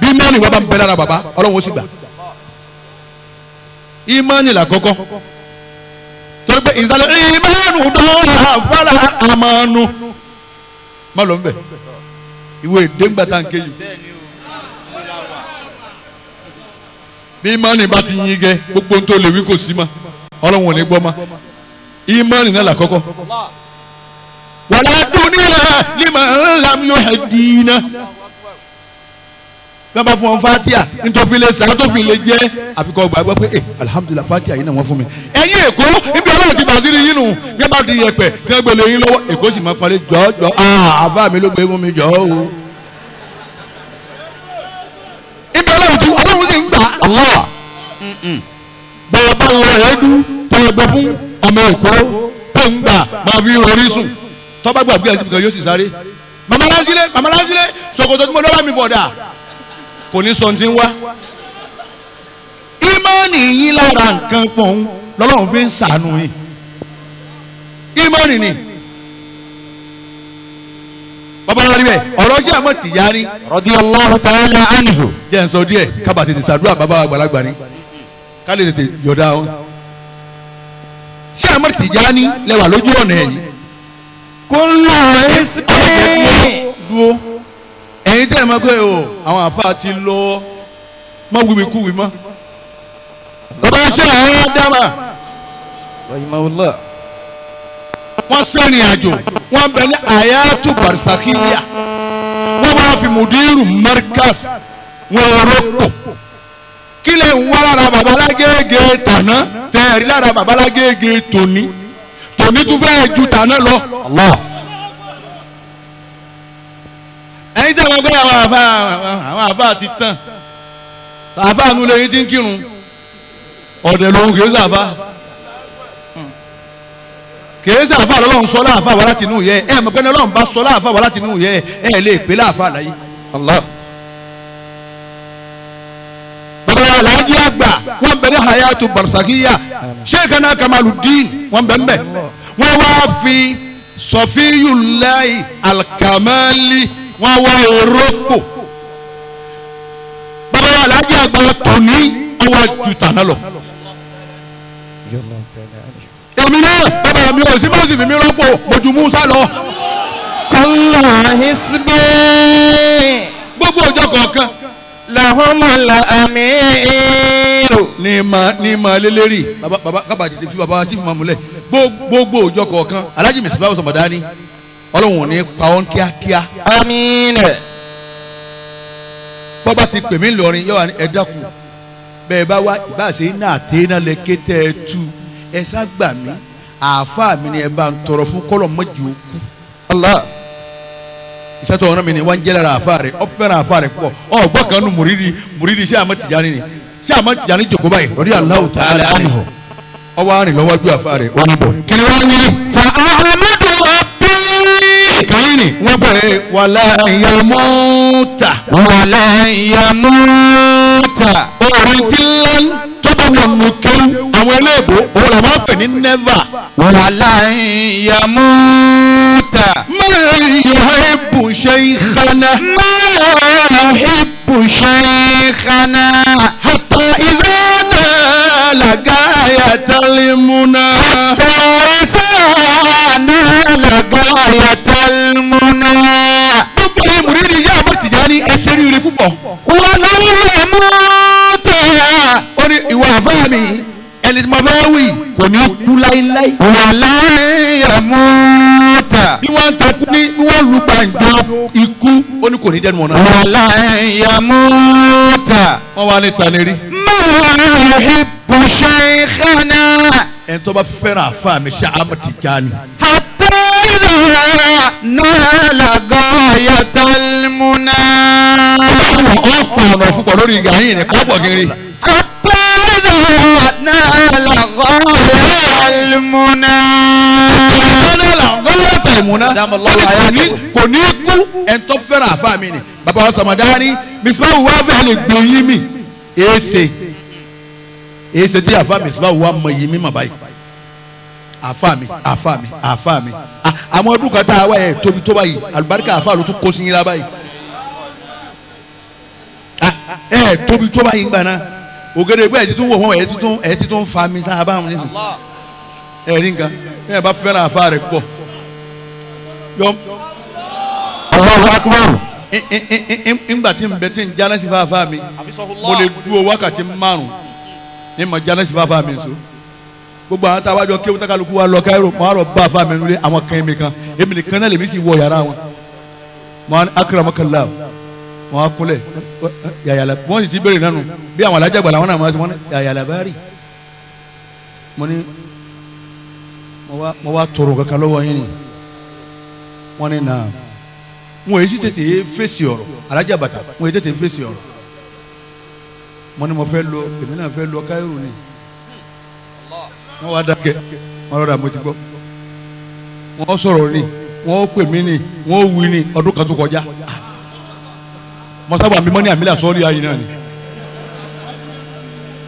Speaker 2: bí mẹ́rin wà ń bẹ lára bàbá ọlọ́run sì gbà. ìmánì koko torí pé ìsàlẹ̀ ìmánu dọ́là àfàlà amanu má lọ nbẹ ìwé ìdéǹgbà tá à ń ké yìí bí bá ti yín gẹ gbogbo ń lè wí kò sí ma ọlọ́run ò ní gbọ́ ma ìmánì náà làkọ́kọ́ wàlá dúníyà liman lam bẹ́ẹ̀ bá fún wọn fatia nítorí lè sàn nítorí lè jẹ́ àfikọ́ gbàgbọ́ pé eh alihamudulilayi fatia yìí náà wọ́n fún mi. ẹ̀yin èkó ibi ọlọ́run ti bàtí ni yínú bí wọ́n bá di yẹpẹ̀ tí wọ́n gbèlè yín lọ́wọ́ èkó sì máa parí jọ́jọ́ ah, àfa mi ló gbé fún mi jọ́ o.
Speaker 1: ibi ọlọ́run ti ọlọ́run sì ń
Speaker 2: gbà. bọ̀wọ̀
Speaker 1: bá wọ ẹ̀ẹ́dú tọ̀wọ̀ gbẹ
Speaker 2: fún ọmọ èkó tó ń gbà máa fi orí sùn tọ́ gbàgbé àti kò ní sọ ti ń wá ìmánì yín lára nǹkan pọ̀n lọ́lọ́run fi ń sànù yín ìmánì ni babalá rí bẹ́ẹ̀ ọ̀rọ̀ jẹ́ àmọ́ tìyá rí. radiyallahu ta'ala anhu. jẹ́ n sọ díẹ̀ kábà tètè sàdúrà bàbá àgbàlagbà ni ká lè tètè yọ̀dá o. ṣé àmọ́ tìyá ni lẹ́wà lójú ọ̀nà ẹ̀yìn. kó ń lọ ẹ́ sí pé. dúró ẹ̀yin tẹ́ ẹ mọ̀ pé o àwọn àfa ti lọ mọ̀ wíwí kú wí mọ́ bàbá ṣe àwọn dáma wọ́n sẹ́rìn àjò wọ́n bẹ ní àyàtú barsakiya wọ́n máa fi mùdírù markas wọ́n rọ́pò kí lè ń wá lára babalágége tàná tẹ̀rí lára babalágége tòní tòní tún fẹ́ẹ́ ju tàná lọ. ẹ̀yin tẹ̀ wọ́n pé àwọn àfa àwọn àfa ti tàn àfa àánú lẹ́yìn tí ń kírun ọ̀dẹ̀ lòun kì sàfà kì sàfà lọ́lọ́run sọ láàfà wà láti inú yẹ ẹ̀ mọ̀ pé lọ́lọ́run bá sọ láàfà wà láti inú yẹ ẹ̀ lè pè láàfà láyé. bàbá wa àgbà wọn bẹ ní hayatu barsakiya Sheikhana Kamaluddin wọn bẹ ń wọn wá fi Sofiyullahi Alkamali wọ́n wá orókò bàbá wa aláàjì àgbà tòní ọwọ́ ju tàná lọ. èmi náà bàbá mi ò sí mọ́sí fi mi rọ́pò mojú musa lọ. kọ́lá hisbẹ́. gbogbo ọjọ́ kọ̀ọ̀kan. làhùnmọ̀ là àmì èrò. ní ma ní ma lélẹ́rì bàbá bàbá kábàjẹ́ ti fi bàbá wa ti fi ma múlẹ̀ gbogbo ọjọ́ kọ̀ọ̀kan aláàjì mi sọ̀mọ̀dá ni ọlọ́run ò ní pa ọ́n kíákíá. àmín. bọ́bá ti pè mí lọ́rin yóò wá ní ẹ̀dákun bẹ́ẹ̀ bá wá ìbáṣe náà tẹ́ iná lẹ kété ẹ tú ẹ sá gbà mí àáfàá mi ni ẹ bá ń tọrọ fún kọ́lọ̀ mọ́jì ó kú. Allah ìṣètò ọ̀nà mi ni wọ́n ń jẹ́ lára àáfàá rẹ̀ ọ̀fẹ́ràn àáfàá rẹ̀ púpọ̀ ọ̀ gbọ́ kan nu mùrídìí mùrídìí sí àmọ́ tìjà ni sí àmọ́ tìjà ni jòkó báyìí lórí Allahu ta'ala anhu ọwọ́ àrìn lọ́wọ́ ju àáfàá rẹ̀ ó ń bọ̀. kí ni fa wí ni wọ́n bẹ̀ wàlá ìyàmúta. wàlá ìyàmúta. orin tí ń lọ tó bá wà nù kéwù àwọn eléèbó òun làwọn pè ní nẹ́fà. wàlá ìyàmúta. máa yọ ibùsẹ̀ ìkànnà. máa yọ ibùsẹ̀ ìkànnà. wàlá yàmúta. bí wọ́n takú ní bí wọ́n lu gbàǹjo ikú ó ní kò ní dẹnu ọ̀nà. wàlá yàmúta. wọ́n wá ní tani rí. máa rí bùṣẹ́ ìkànnà. ẹni tó bá fẹ́ràn àfa mi ṣe àmọ́ Tijani.
Speaker 1: àtẹ̀rẹ̀ náà
Speaker 2: làgọ́ yàtọ̀ múná. ọ̀pọ̀ ọ̀nà ni kọ́pọ̀ kiri. àtẹ̀rẹ̀ tẹ̀lmúná. ìkànnì la gọ́lá tẹ̀lmúná. kò ní kò ní kú ẹ̀ńtọ́ fẹ́ràn àfa mi ni. bàbá wa sọmọdá ni misibawu wa fẹ́ lè gbé yín mi. èsè èsè tí àfa misibawu wa mọ yín mi mà báyìí. àfa mi àfa mi àfa mi. àwọn ọdún kan tá a wá ẹ̀ tóbi tó báyìí àlùbáríkà àfa ló tún kó sí yín lá báyìí. ẹ tóbi tó báyìí gbà náà ògèdè gbé ẹ̀ títún wò wọ́n ẹ̀ títún ẹ̀ títún fa mi sáà báwọn nínú ẹ̀rí nǹkan bí ẹ bá fẹ́ràn àfa rẹ̀ pọ̀ yọ. Allahu Akbar. ńgbà tí n bẹ tí n jáná sí fáfá mi mo lè dúró wákàtí márùn ní ma jáná sí mi so gbogbo àwọn tá a wájọ kéwù tákàlùkù wa lọ káyọrọ mọ àrò bá fáfá mi nílé àwọn kan mi kan èmi nìkan náà lèmi sì wọ yàrá wọn mọ akramakallah wọn akunlẹ yàyàlà wọn sì ti bẹ̀rẹ̀ nánu bí àwọn alájàgbà làwọn náà máa sọ wọn yàyàlà bá rí mo ní mo wá tọrọ kankan lọ́wọ́ yín ni wọ́n ní nà mo èyí tètè fèsì ọ̀rọ̀ alájà bàtà mo èyí tètè fèsì ọ̀rọ̀ mo ní mo fẹ́ lọ èmi náà fẹ́ lọ káyọ̀rù ni wọ́n wá dákẹ́ wọ́n rọra mo ti gbọ́ wọ́n sọ̀rọ̀ ni wọ́n pè mí ni wọ́n wí ni ọdún kan tó kọjá mọ̀sábà mi mọ́ ní àmìlà sọ́ọ́lì ayé náà ni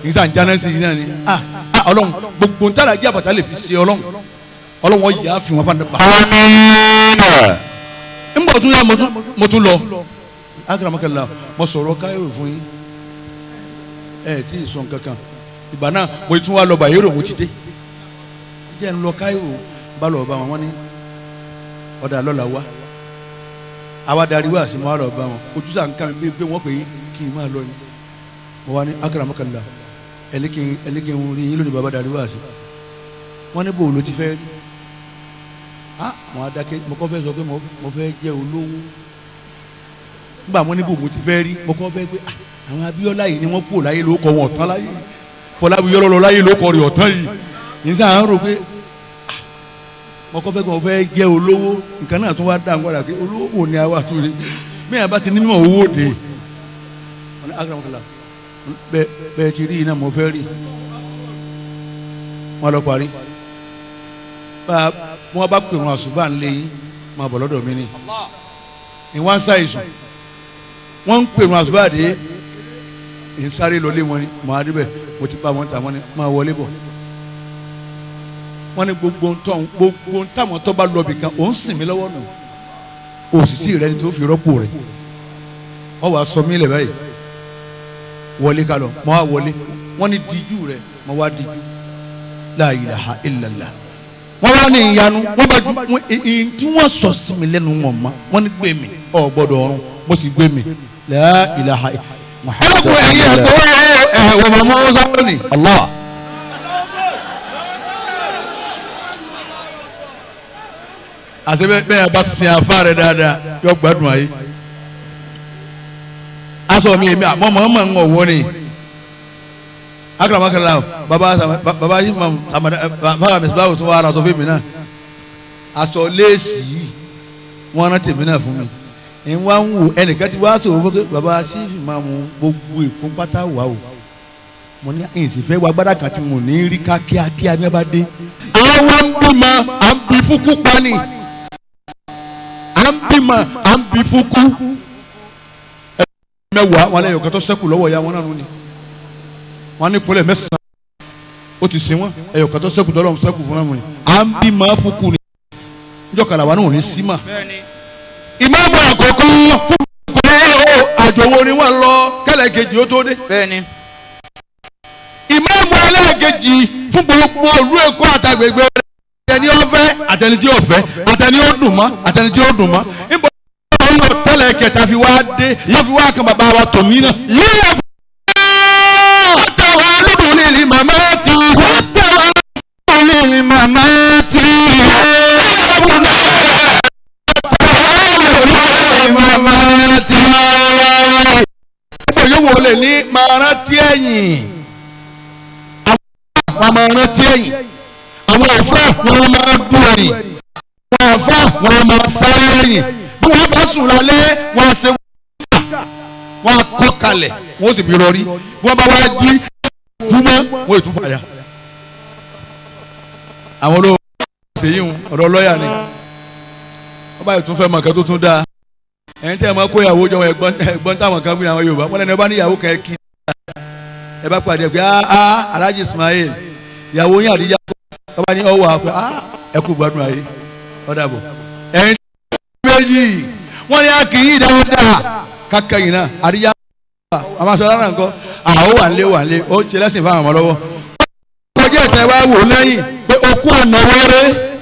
Speaker 2: nígbà jánẹ́sì yìí náà ni ah, ah ọlọ́run gbogbo ntàlàjì àbàtà lè fi ṣe ọlọ́run ọlọ́wọ́n yìí á fi wọn fana bá. nbọ tún yà mo tún lọ akaramakala mo sọ̀rọ̀ káyọrọ fún yín ẹ tí ì sọn kankan ìgbà náà mo tún wà lọ yẹrọ mo ti dé jẹ ń lọ káyọrọ bá lọ bá wọn wọn ní ọdà lọlá wa àwa darí wa sí mo wà lọ bá wọn ojúṣà nǹkan mi bí wọn pè é kí n máa lọ ni mo wà ní akaramakala ẹni kí rí yín lónìí bàbá darí wa sí wọn ní bò ló ti fẹ́ rí ah mo adake mo kọ́ fẹ́ sọ pé mo fẹ́ jẹ́ olówó nígbà mo níbo mo ti fẹ́ rí mo kọ́ fẹ́ pé ah, àwọn Abíọ́lá yìí ni wọ́n kú láyé ló kọ́ wọn ọ̀tán láyé Fọlábíyọ́ lọ́lọ́ láyé ló kọ́ rí ọ̀tán yìí yìí sàn án rò pé ah, mo kọ́ fẹ́ pé mo fẹ́ jẹ́ olówó nǹkan náà tún wá dá nǹkan rà pé olówó wò ni àwa tó rí mẹ́yà bá ti ní mọ̀ owó de bẹ́ẹ̀ ti rí iná mo fẹ́ rí wọn lọ parí bí wọ́n bá pèrún àṣùbà ń lé yín máa bọ̀ lọ́dọ̀ mi ni ìwọ́n ń sá ìsùn wọ́n ń pèrún àṣùbà dé ń sáré lọlé wọn ni màá débẹ̀ mo ti bá wọn tà wọn ni máa wọlé bọ̀ wọ́n ní gbogbo ntọ́ gbogbo ntàwọn tó bá lọ bìkan òun sìn mí lọ́wọ́ nù òsì tí rẹ ni tó fi rọ́pò rẹ̀ wọ́n wàá sọ mí lẹ̀ báyìí wọlé kalọ̀ mọ́ wá wọlé wọ́n ní díjú rẹ̀ mọ́ wá díjú la ilaha illallah. wọ́n wá ní ìyanu wọ́n bá ju ìyìn tí wọ́n sọ sí lẹ́nu wọn ma wọ́n ní gbé mi ọ gbọ́dọ̀ ọ̀run mo sì gbé mi la ilaha illallah. ọlọ́kùnrin ẹ̀yin ẹ̀ ẹ̀ wọ̀ mọ́ mọ́ sáré ni. àti bẹ́ẹ̀ bá sin afá rẹ̀ dáadáa yọ gbádùn ayé. aṣọ mi àmọ́ mọ́ mọ́ ń akarama kala baba baba yi ma amada baba mi báwo tún wà ara sọ fún mi náà aṣọ léèsì wọn rán tèmi náà fún mi ẹ wá ń wò ẹnìkan ti wá sòwò fún baba sífì máa mu gbogbo èkó pátá wà o mo ní ìsìnfẹ́ wa gbádà kan tí mo ní rí ká kíákíá ní abá dé. àwa ń bímọ à ń bí fúkú pani à ń bímọ à ń bí fúkú. ẹ mẹ́wàá wọn lẹ́yìn ọ̀kan tó sẹ́kù lọ́wọ́ ya wọn náà nù ni wọn ní kúnlẹ̀ mẹ́sàn-án ó ti sin wọn ẹ̀yọ̀ kàtọ́ sẹ́kù dọ́lọ́mù sẹ́kù fúnra mu ni à ń bí máa fukù ni níjọ́ kàlà wà ní òní sí mà. ìmáàmù àkọ́kọ́ fún kúnlẹ̀ àjọwò ni wọ́n lọ kẹ́lẹ̀ kejì ó tó dé. ìmáàmù ẹlẹ́ẹ̀kejì fún gbogbo olú èkó àtàgbègbè rẹ̀ àtẹni ọ̀fẹ́ àtẹni tí ọ̀fẹ́ àtẹni ọdùnmọ́ àtẹni tí ọdùnmọ́ níbo tẹ́lẹ̀ kẹta fi
Speaker 1: الممات
Speaker 2: gbogbo yóò wọlé ní máa rántí ẹ̀yìn àwọn máa rántí ẹ̀yìn àwọn àfáà wọn máa bú ẹ̀yìn àwọn àfáà wọn máa sáré ẹ̀yìn bí wọ́n bá sùn lálẹ́ wọ́n á ṣe wọ́n á kọ́ kalẹ̀ wọ́n sì fi rọrí wọ́n bá wá jí dúmọ́ wọ́n ètò fàyà àwọn olówó ṣèyí ń ọ̀dọ̀ lọ́ọ̀yà ni wọ́n bá ìtúnfẹ́ mọ̀ kẹ́tó tún dáa ẹ̀yin tẹ́ ẹ máa kó ìyàwó jọ ẹ̀gbọ́n táwọn kan bí àwọn Yorùbá wọ́n lẹ́nu ẹ bá ní ìyàwó kan kí ẹ bá pàdé pé áá ah, ah, Alhaji Ismail ìyàwó yín àdíjà kọ́ ọba ní ọwọ́ àpẹ áá ah, ẹ kú gbádùn ayé ọ̀dàbọ̀ ẹ̀yin tẹ́ méjì wọ́n ní akínyìn dáadáa kákẹ́yìn náà àdíjà kọ́ àwọn aṣọ alára nǹkan àwọn wà ń lé nígbà tí a wá wò lẹ́yìn pé okú
Speaker 1: àná wéré.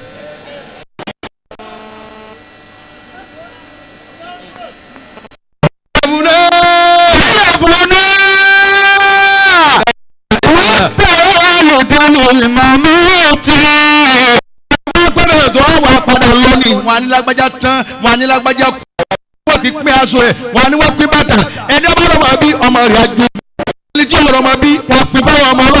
Speaker 2: wọn ní lágbájá tán wọn ní lágbájá kú wọn ti pín aṣọ ẹ wọn ní wọn pín bàtà ẹni ọmọ ọlọmọ bí ọmọ rẹ adé ẹni tí ọmọ ọlọmọ bí wọn pín báwọn ọmọ ọlọmọ.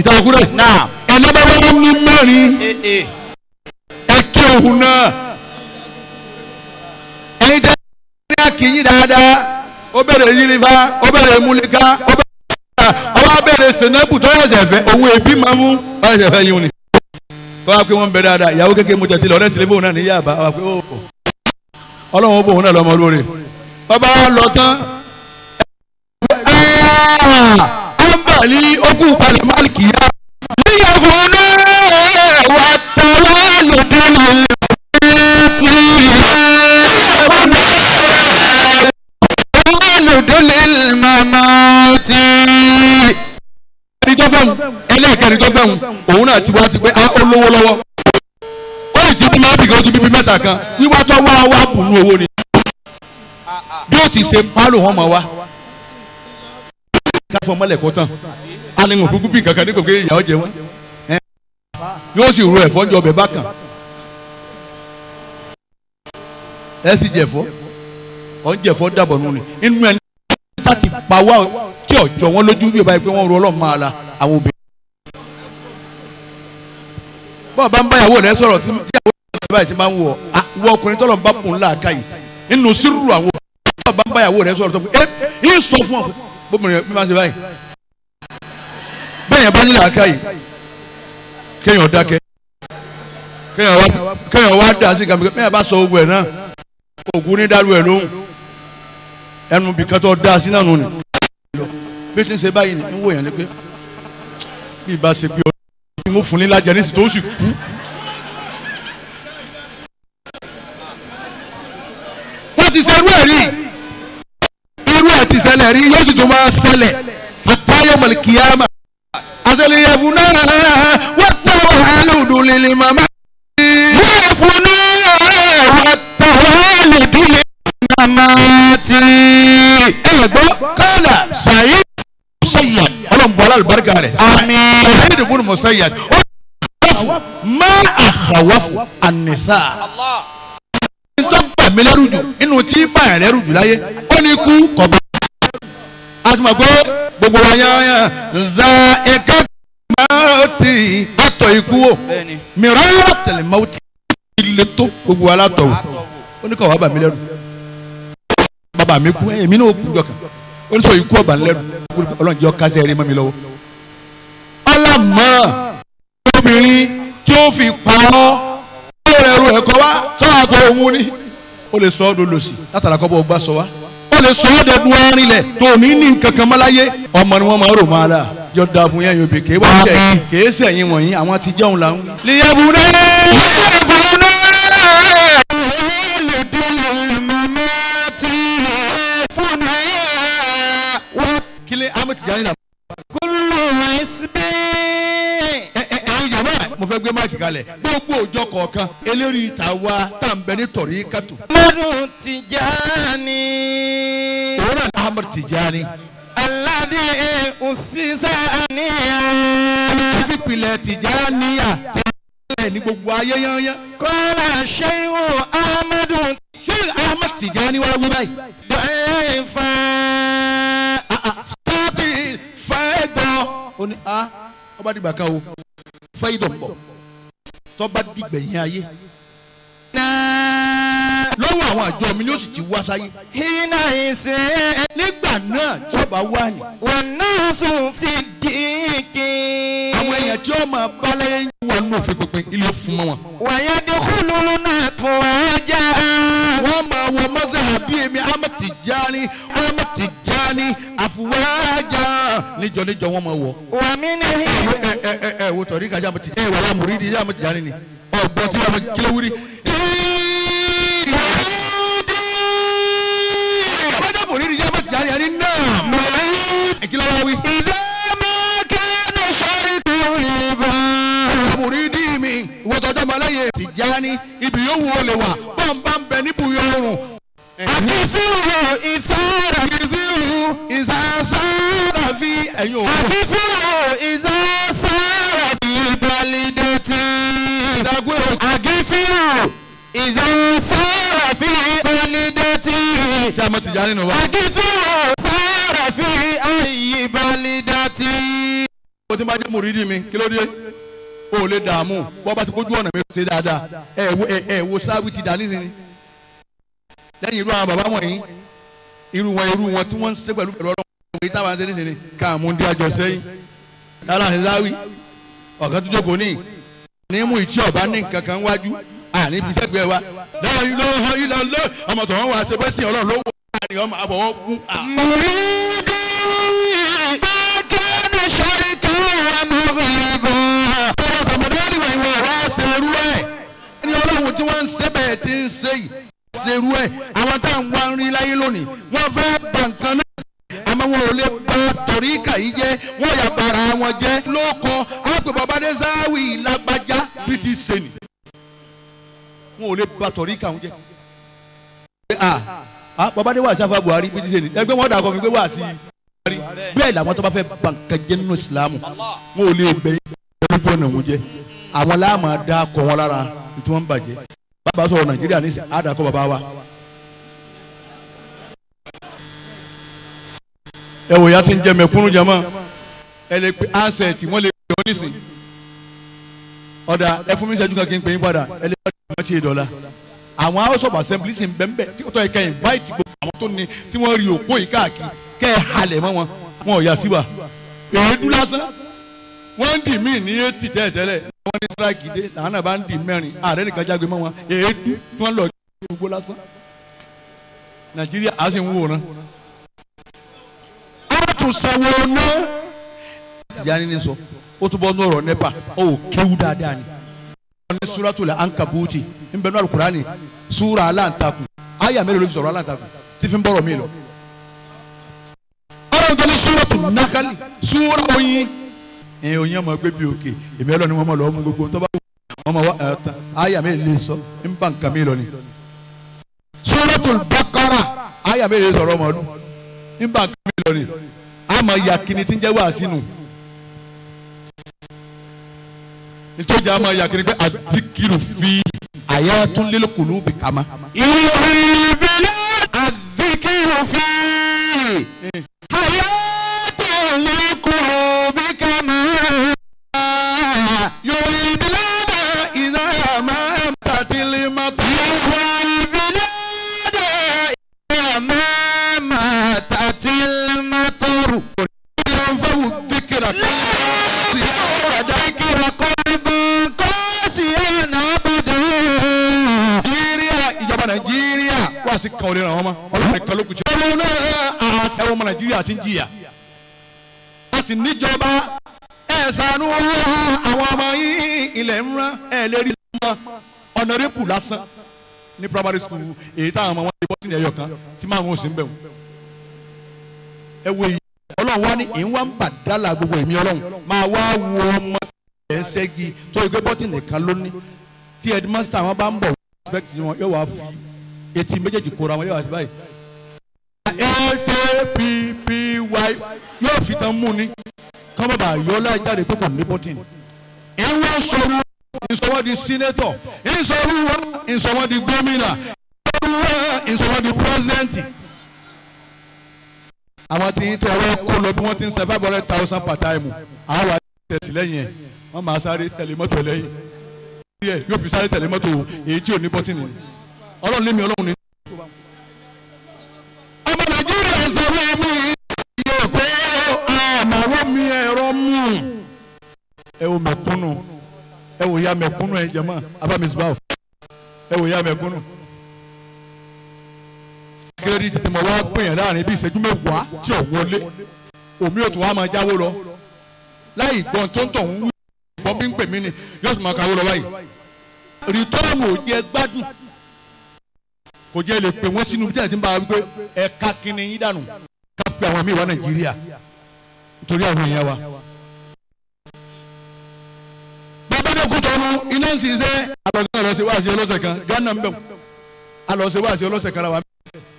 Speaker 2: ìtàkùn rẹ̀ ẹ̀nà bá wọ́n ní mẹ́rin ẹ kí òun náà ẹ̀yin tẹ́ ní àkìyí dáadáa ó bẹ̀rẹ̀ yírifa ó bẹ̀rẹ̀ múlika ó bẹ̀rẹ̀ ọwọ́ abẹ́rẹ́ sinapu tó yẹ zẹ̀fẹ̀ òun èbí máa mú báyìí zẹ̀fẹ̀ yín ni kọ́ wa pé wọ́n ń bẹ dáadáa ìyàwó kékeré mo jọ̀tí lọ́rẹ́ tìlẹ́ bóun náà ní yàbá wa pé ó ọlọ́run bóun náà lọ́mọ lóore bàbá lọ tán. ní ogún ìpalẹ̀ máàlìkì yá. níyàwó náà wà tọ́lá
Speaker 1: lòdì nílẹ̀ níyàwó náà tọ́lá lòdì nílẹ̀
Speaker 2: ẹni tó fẹ́ mu ẹlẹ́ẹ̀kẹrin tó fẹ́ mu òun káfọ́ mọ́lẹ̀ kó tán alẹ́ngàn kúkú bí kankan ní gbogbo èèyàn ọ̀jẹ̀ wọn yóò sì ro ẹ̀fọ́ jọ bẹ̀ bá kàn ẹ sì jẹ̀fọ́ ọ̀ ń jẹ̀fọ́ dàbọ̀ nù ni inú ẹni bá ti pa wá tí ọ̀jọ̀ wọn lójú bí ìbáyìí pé wọ́n ro ọlọ́run máa la àwọn obìnrin. bọ́ọ̀ bá ń báyàwó rẹ sọ̀rọ̀ tí àwọn ọ̀rẹ́ rẹ báyìí ti máa ń wọ̀ ah, wọ ọkùnrin tọ́lọ̀ ń bá kùn láàká yìí nínú sírù àwọn obìnrin bọ́ọ̀ bá ń báyàwó rẹ sọ̀rọ̀ tó fún ẹ ń sọ fún ọ bóbìnrin bí wọ́n ṣe báyìí bẹ́ẹ̀ yẹn bá nílẹ̀ àká yìí kéèyàn dákẹ́ kéèyàn wá dà sí gàmíkẹ́ bẹ́ẹ̀ bá sọ ogun ẹ̀ náà ogun ní dàlú ẹ̀ lóhùn ẹnu bìkan tó dá sí náà nù ni bí tí ń ṣe báyìí ni ń wò yẹn ni pé bí ìbá ṣe gbé ọ mo fún ní lájà ní sì tó sì kú. ṣẹlẹ̀ rí yóò sì tún máa ṣẹlẹ̀ àtàyọ̀ mọ̀lìkìyàmà àtẹlẹyẹfù náà wọ́n tẹ̀ wọ́n alùdùnlélẹ̀ màmá. yóò fún ní ọ̀rọ̀ tàwálùdùnlélẹ̀ màmá ti. ẹ yẹ gbọ́ kọ́lá ṣàyè musayyad ọlọ́mùbọ̀ alábàárikà rẹ̀ àmín ṣàyè bùnú musayyad ó má àkàwọ́fù ànísà tó gbà mí lẹ́rù jù inú tí bàyàn lẹ́rù jù láyé ó ní kú kọ̀ọ̀bà a ti mọ̀ pé gbogbo wa yán yán za ẹ̀ka mọ́tì àtọ̀ ikú wò mìíràn tẹ̀lé mọ́tì ilé tó gbogbo wa látọ̀ wò ó ní kọ́ wàá bà mí lẹ́rù bàbá mi kú èmi náà kú jọkàn ó ní sọ ikú ọ̀bà ńlẹ́rù ọlọ́run jẹ́ ọkásẹ́ eré mọ́ mi lọ́wọ́ ọlọ́mọ obìnrin tí ó fi pa ọ́ ó lè rẹ̀ ru ẹ̀kọ́ wa sọ́wọ́ àgọ́ òun ni ó lè sọ ọ́ dolòsì látàlákọ́ bọ́ ọgbà sọ wa ó lè sọ ọ́ dẹ̀dùn ẹrin lẹ̀ tó ní ní nǹkan kan mọ́láyé ọmọ ni wọ́n máa rò máa la yọ da fún yẹn yóò bì kéwàá jẹ kéésẹ̀ yín wọ̀nyí àwọn ti jẹun làwọn.
Speaker 1: lìyẹ̀bù náà.
Speaker 2: mo fẹ́ gbé máàkì kalẹ̀ gbogbo òjọ kọ̀ọ̀kan eléyìí ta wa tá n bẹ ní tọ̀rí kàtó. Ahmadu Tijani. òun náà Ahmadu Tijani. aládé òṣìṣẹ́ àníyàn. ìsì pilẹ̀ Tijaniya tẹ̀lé ní gbogbo ayé yányá. kọ́lá Shehu Ahmadu. Shehu Ahmadu Tijani wá wí báyìí. bẹ́ẹ̀ fẹ́. sọ́ọ́tì fẹ́ dán. ó ní a ah, ọba dìgbà kan o fẹ́yìndọ̀ ń bọ̀ tọ́ba dìgbẹ̀yìn ayé lọ́wọ́ àwọn àjọ mi ni ó sì ti wá sáyé. iná ìsè. nígbà náà jọba wà ní. wọn náà sùn ti dìkì. àwọn èèyàn tí ó máa bá lẹ́yìn wọn náà fi pinpin ilé fún wọn. wàyà dẹkùlù náà tó ẹja. wọ́n máa wọ mọ́sálásí àbí èmi amọ̀tìjáni amọ̀tìjáni àfùwájà níjọ níjọ wọn máa wọ. wà mí ní. ẹ ẹ ẹ ẹ wo tọ̀rí kájà mo ti ẹ wà lámùrí ní ìyá mo ti jáde ni ọgbọ́n tí wọ́n mo kílẹ̀ wúri. ọjọ́ mòrí ní ìyá mo ti jáde ni náà. mòrí. ẹ kí ló wá wí. ìdá mi kẹ́nu sọ́rí tó yẹ bá. mòrí dì mí ìwọ́tọ̀jọ́ mọ aláyè ti já ní ibi yóò wọlé wa bọ́ǹbà ń bẹ níbùyọ̀ oòrùn. àti fún ìfẹ́ ẹ̀yin òun. àfífò ìzọ́sọ̀rọ̀ bí balidati. ìdágún èrò. àgífìrò ìzọ́sọ̀rọ̀ fi balidati. ṣé àmọ́ ti já nínú wa. àgífìrò sọ̀rọ̀ fi ayé balidati. o ti máa jẹ́ mòrídìí mi kí ló dé o lè dààmú bọ́ bá ti kójú ọ̀nà mi ṣe dáadáa ẹ wo ẹ ẹ wo sáwì ti dà nísìnyí lẹ́yìn irú àwọn bàbá wọ̀nyí irú wọn irú wọn tí wọ́n ń ṣe pẹ̀lú pẹ̀lú ọlọ́run èyí táwọn àti nísìnyí ká mú ndí àjọ sẹ́yìn yálà ní láwí ọ̀kan tó jókòó níyì ní mú ìtí ọ̀bá ní nǹkan kan wájú àní fi sẹ́gbẹ̀ẹ́ wa lọ́wọ́ yìí lọ́wọ́ yìí lọ́wọ́ ọmọ tó ń wá ṣe bẹ́sìn ọlọ́run ló wọ àárín ọmọ àfọwọ́ kú. mùrí bí bákẹ́ẹ̀dì sọ́rí tó wà mọ́bìnrin bọ̀. ọ̀rọ̀ sàmọ̀dẹ́rì wà ìwọ̀n wá ṣerú ẹ̀. ẹni ọlọ́run tí wọ́n ń ṣe àmọ́ wọn ò lè bá tọ̀ríkà yìí jẹ́ wọ́n yà bàrà wọn jẹ́ lóko àpè babadé záwì lágbájá bíi ti sèni wọn ò lè bá tọ̀ríkà wọn jẹ́ babadé wà sí afa Buhari bíi ti sèni ẹgbẹ́ wọn dà kọ́ mi pé wà sí Buhari bẹ́ẹ̀ làwọn tó bá fẹ́ bankanjẹ́ nínú Ìsìlámù wọn ò lè gbẹ̀yìn lójú ọ̀nà wọn jẹ́ àwọn láàmú adá kọ́ wọn lára tí wọ́n ń bàjẹ́ bàbá sọ̀rọ̀ Nàìjíríà ní sẹ́ àdàkọ́ bàbá wa. ẹ wò ya ti ń jẹ mẹ̀kúnnù jama ẹ lè pe ansẹ̀tì wọ́n lè pè ọ́ nísìn ọ̀dà ẹ fún mi ṣẹ́jú kan kí n pè yín padà ẹ lè pè ọ́ tí ì dọ̀la àwọn house of assembly sì ń bẹ́ẹ̀ bẹ́ẹ̀ tí kòtò ẹ̀ka invite gbogbo àwọn tó ní tí wọ́n rí òpó yìí káàkiri kẹ́ ẹ̀ halẹ̀ mọ́ wọn wọn ò yà sí wa èédú lásán wọ́n ń dì mí ní etí tẹ́lẹ̀tẹ́lẹ̀ wọ́n ní strike dé làwọn náà bá ń dì mẹ́rin ààrẹ nìkan jágbe mọ́ wọn èédú tí wọ́n lọ gbogbo lásán Nàìjíríà á sì ń wòran tún sanwó ná. ìyá ni sọ ó tún bọ́ ní ọ̀rọ̀ nípa ó ò kéwú dáadáa ni. wọ́n ní suratul ankabuti ń bẹ ní alukurani sura alantakun aya mélòó ló fi sọ̀rọ̀ alantakun tí fi ń bọ̀rọ̀ mi lọ. ọ̀rọ̀ nítorí suratul nakali sura oyin ẹ̀ oyin ọmọ gbé bí òkè èmi ọlọ́ni wọn mọ̀ lọ́wọ́ mú gbogbo tó bá wù ọmọ wa ẹ̀ aya mélòó lè sọ ń bá nǹkan mi lọ ni. suratul bakara aya mélòó lè sọ̀rọ̀ ọmọ ọdún bá nǹkan mi lọ ni àmọ́ ya kini ti ń jẹ́ wàásì nù nítorí àmọ́ ya kini pé àdìkìrù fi àyà tún lélẹ̀ kama.
Speaker 1: ìròyìn ìbílẹ̀ àdìkìrù fi eh. àyà.
Speaker 2: wáàsí kan ni lè ràn wọ́n mọ́ ọlọ́run nìkan ló kù jẹ́. ọlọ́run ti ń jìyà a sì níjọba ẹ̀ ṣàánú àwọn ọmọ ilẹ̀ ń rán ẹ̀ lérí lọ́mọ ọ̀nàrẹ́pù lásán primary school èyí táwọn ọmọ wọn ti bọ́ sílẹ̀ ẹ̀yọ̀ kan tí máa wọn ò sí ń ẹ wo èyí ọlọ́run wá ní èyí wá ń bàdálà gbogbo ẹ̀mí ọlọ́run máa wá wo ọmọ ẹ̀ ṣẹ́gi tó ìgbé bọ́tì nìkan lónìí tí headmaster wọn bá ń bọ̀ respect wọn yóò wá fi etí méjèèjì kóra wọn yóò wá sí báyìí. ACPPY yóò fi tán mú ni kọ́mọ̀ bá yọ láì jáde tó kàn ní bọ́tìn. ìwọ sọ̀rọ̀ ìsọwọ́ di sínétọ̀ ìsọwọ́ ìsọwọ́ di gómìnà ìsọwọ́ ìsọwọ́ di pírẹ́sidẹ́ǹtì. àwọn tí ń tẹ ọwọ́ kó lọ bí wọ́n ti ń sẹ five hundred thousand per time àwọn wà á tẹ̀sí lẹ́yìn ẹ̀ wọ́n máa sáré tẹ̀lé mọ́tò lẹ́yìn yóò fi sáré tẹ̀lé mọ́tò èyí tí ò ní bọ́tìn nìyí ọlọ́run lémi ọlọ́run ní.
Speaker 1: ọmọ nàìjíríà sọ̀rọ̀ mi yóò
Speaker 2: kó àmàwọ́ mi ẹ̀rọ mú. ẹ wò mẹ̀kúnnù ẹ wò ya mẹ̀kúnnù ẹ jẹ̀mọ́ abamisbaw ẹ wò ya mẹ̀kúnnù. kéré tètè mọ̀ wá pèèyàn láàrin bí ìṣẹ́jú mẹ́wàá tí ò wọlé omi ò tún wá máa jáwó lọ láì gbọ́n tó ń tọ̀ ń wí gbọ́n bí ń pè mí ni yóò tún máa kàwé lọ báyìí rìtọ́ọ̀mù ò jẹ́ gbádùn kò jẹ́ lè pè wọ́n sínú bí tẹ̀sí ń bá wa wípé ẹ̀ka kìnìún yín dànù ká pe àwọn míì wá nàìjíríà nítorí àwọn èèyàn wa. bàbá náà kú tọ́nu iná ń sìn sẹ́ àlọ́gán àlọ́sẹ̀ wá sí ọlọ́sẹ̀ kan Ghana ń bẹ̀ àlọ́sẹ̀ wá sí ọlọ́sẹ̀ kan làwọn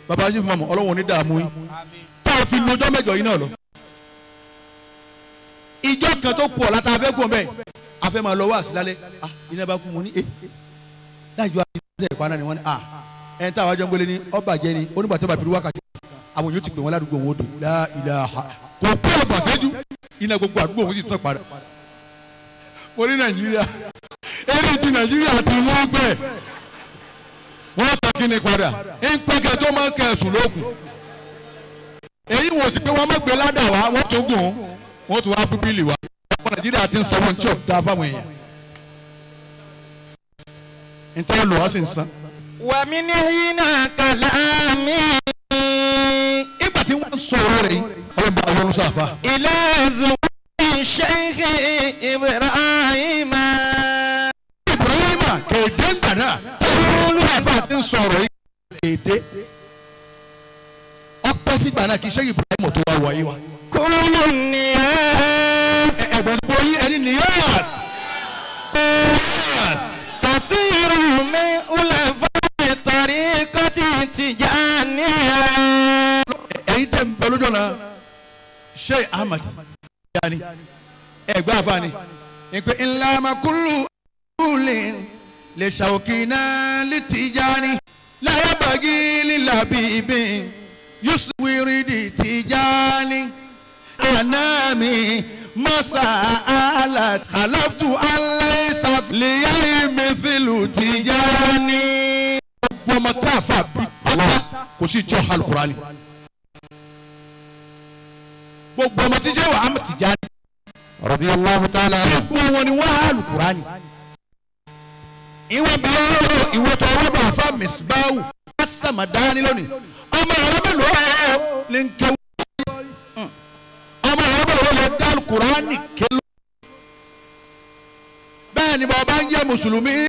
Speaker 2: bàbá yìí fún ọmọ ọlọ́wọ́n ní dààmú yín tá a fi lójọ́ mẹ́jọ yín náà lọ. ìjọ kan tó kù ọ̀la tá a bẹ́ẹ̀ a máa lọ wá àsìlálẹ̀ ah iná bá kú mo ní eh, eh láìjọ àti ìṣẹ́ ìpaná ah ẹni tí àwọn àjọ ń gbélé ní ọba jẹ ni onígbà tó bá fi wákàtí àwọn yóò ti pè wọn ládùúgbò wọn dò la ilaha kò kú ọgbà sẹ́jú iná gbogbo àdúgbò wọn sì tún padà mo ní nàìjíríà eré ti nàìjíríà ti wọ́n gbẹ wọ́n ta kí ni padà ń pẹ́kẹ́ tó máa ń kẹ́ ẹ̀sùn lóògùn èyí wò sí pé wọ́n mọ̀gbẹ́ ládàá wa wọ́n tó gùn wọ́n tó wá bíbélì wa ọmọ nàìjíríà ti ń sanwó ní tí ò da fáwọn èèyàn ntẹ́ lò wá sí ń san
Speaker 1: wàmínú iná kàlámì.
Speaker 2: ìgbà tí wọ́n sọ̀rọ̀ rẹ̀ yìí ọlọ́run bá wọn sọ àfa. ilé ìzùwọ̀n sheikh ibrahim. ibrahim kéde ń gbà náà olú àfa ti ń sọ̀rọ̀ yìí kéde ọpẹ́ sígbà náà kì í sheikh tó wá wáyé wa. kúlù nìyẹn. ẹ̀gbọ́n tó yí ẹni nìyẹn. كثير من أولئك tọ̀ríkọ́tì Tìjàníyà. èyí tẹ̀ ń bẹ lójú ọ̀nà Sheikh Ahmad Tijani ẹ̀gbọ́n àfààní ìpè ńlámakúlù àkúlè lè ṣàwòkìnà lìtìjáni lárabàgì lílàbíbí yusuf wíìrìdì Tijani ànámi mọ́sà àlà kàlàtù aláìsàfìlì yáyé mẹ́fìlù Tijani ọmọ tá a fà bí pátá kò sí jọ alukurani gbogbo ọmọ tí jẹ́ wà á ti jáde.
Speaker 1: radiyallahu ta'ala.
Speaker 2: gbogbo wọn ni wọ́n á alukurani. ìwọ bí ọ̀rọ̀ ìwọ tó rọ́bà fà mẹ́sibáwù sàmà dání lónìí ọmọ àrọ́bà ló wà ní nkẹ́wọ́ ọmọ àrọ́bà ló lọ dá alukurani kélò bẹ́ẹ̀ ni bọ́ọ̀ ń jẹ́ mùsùlùmí.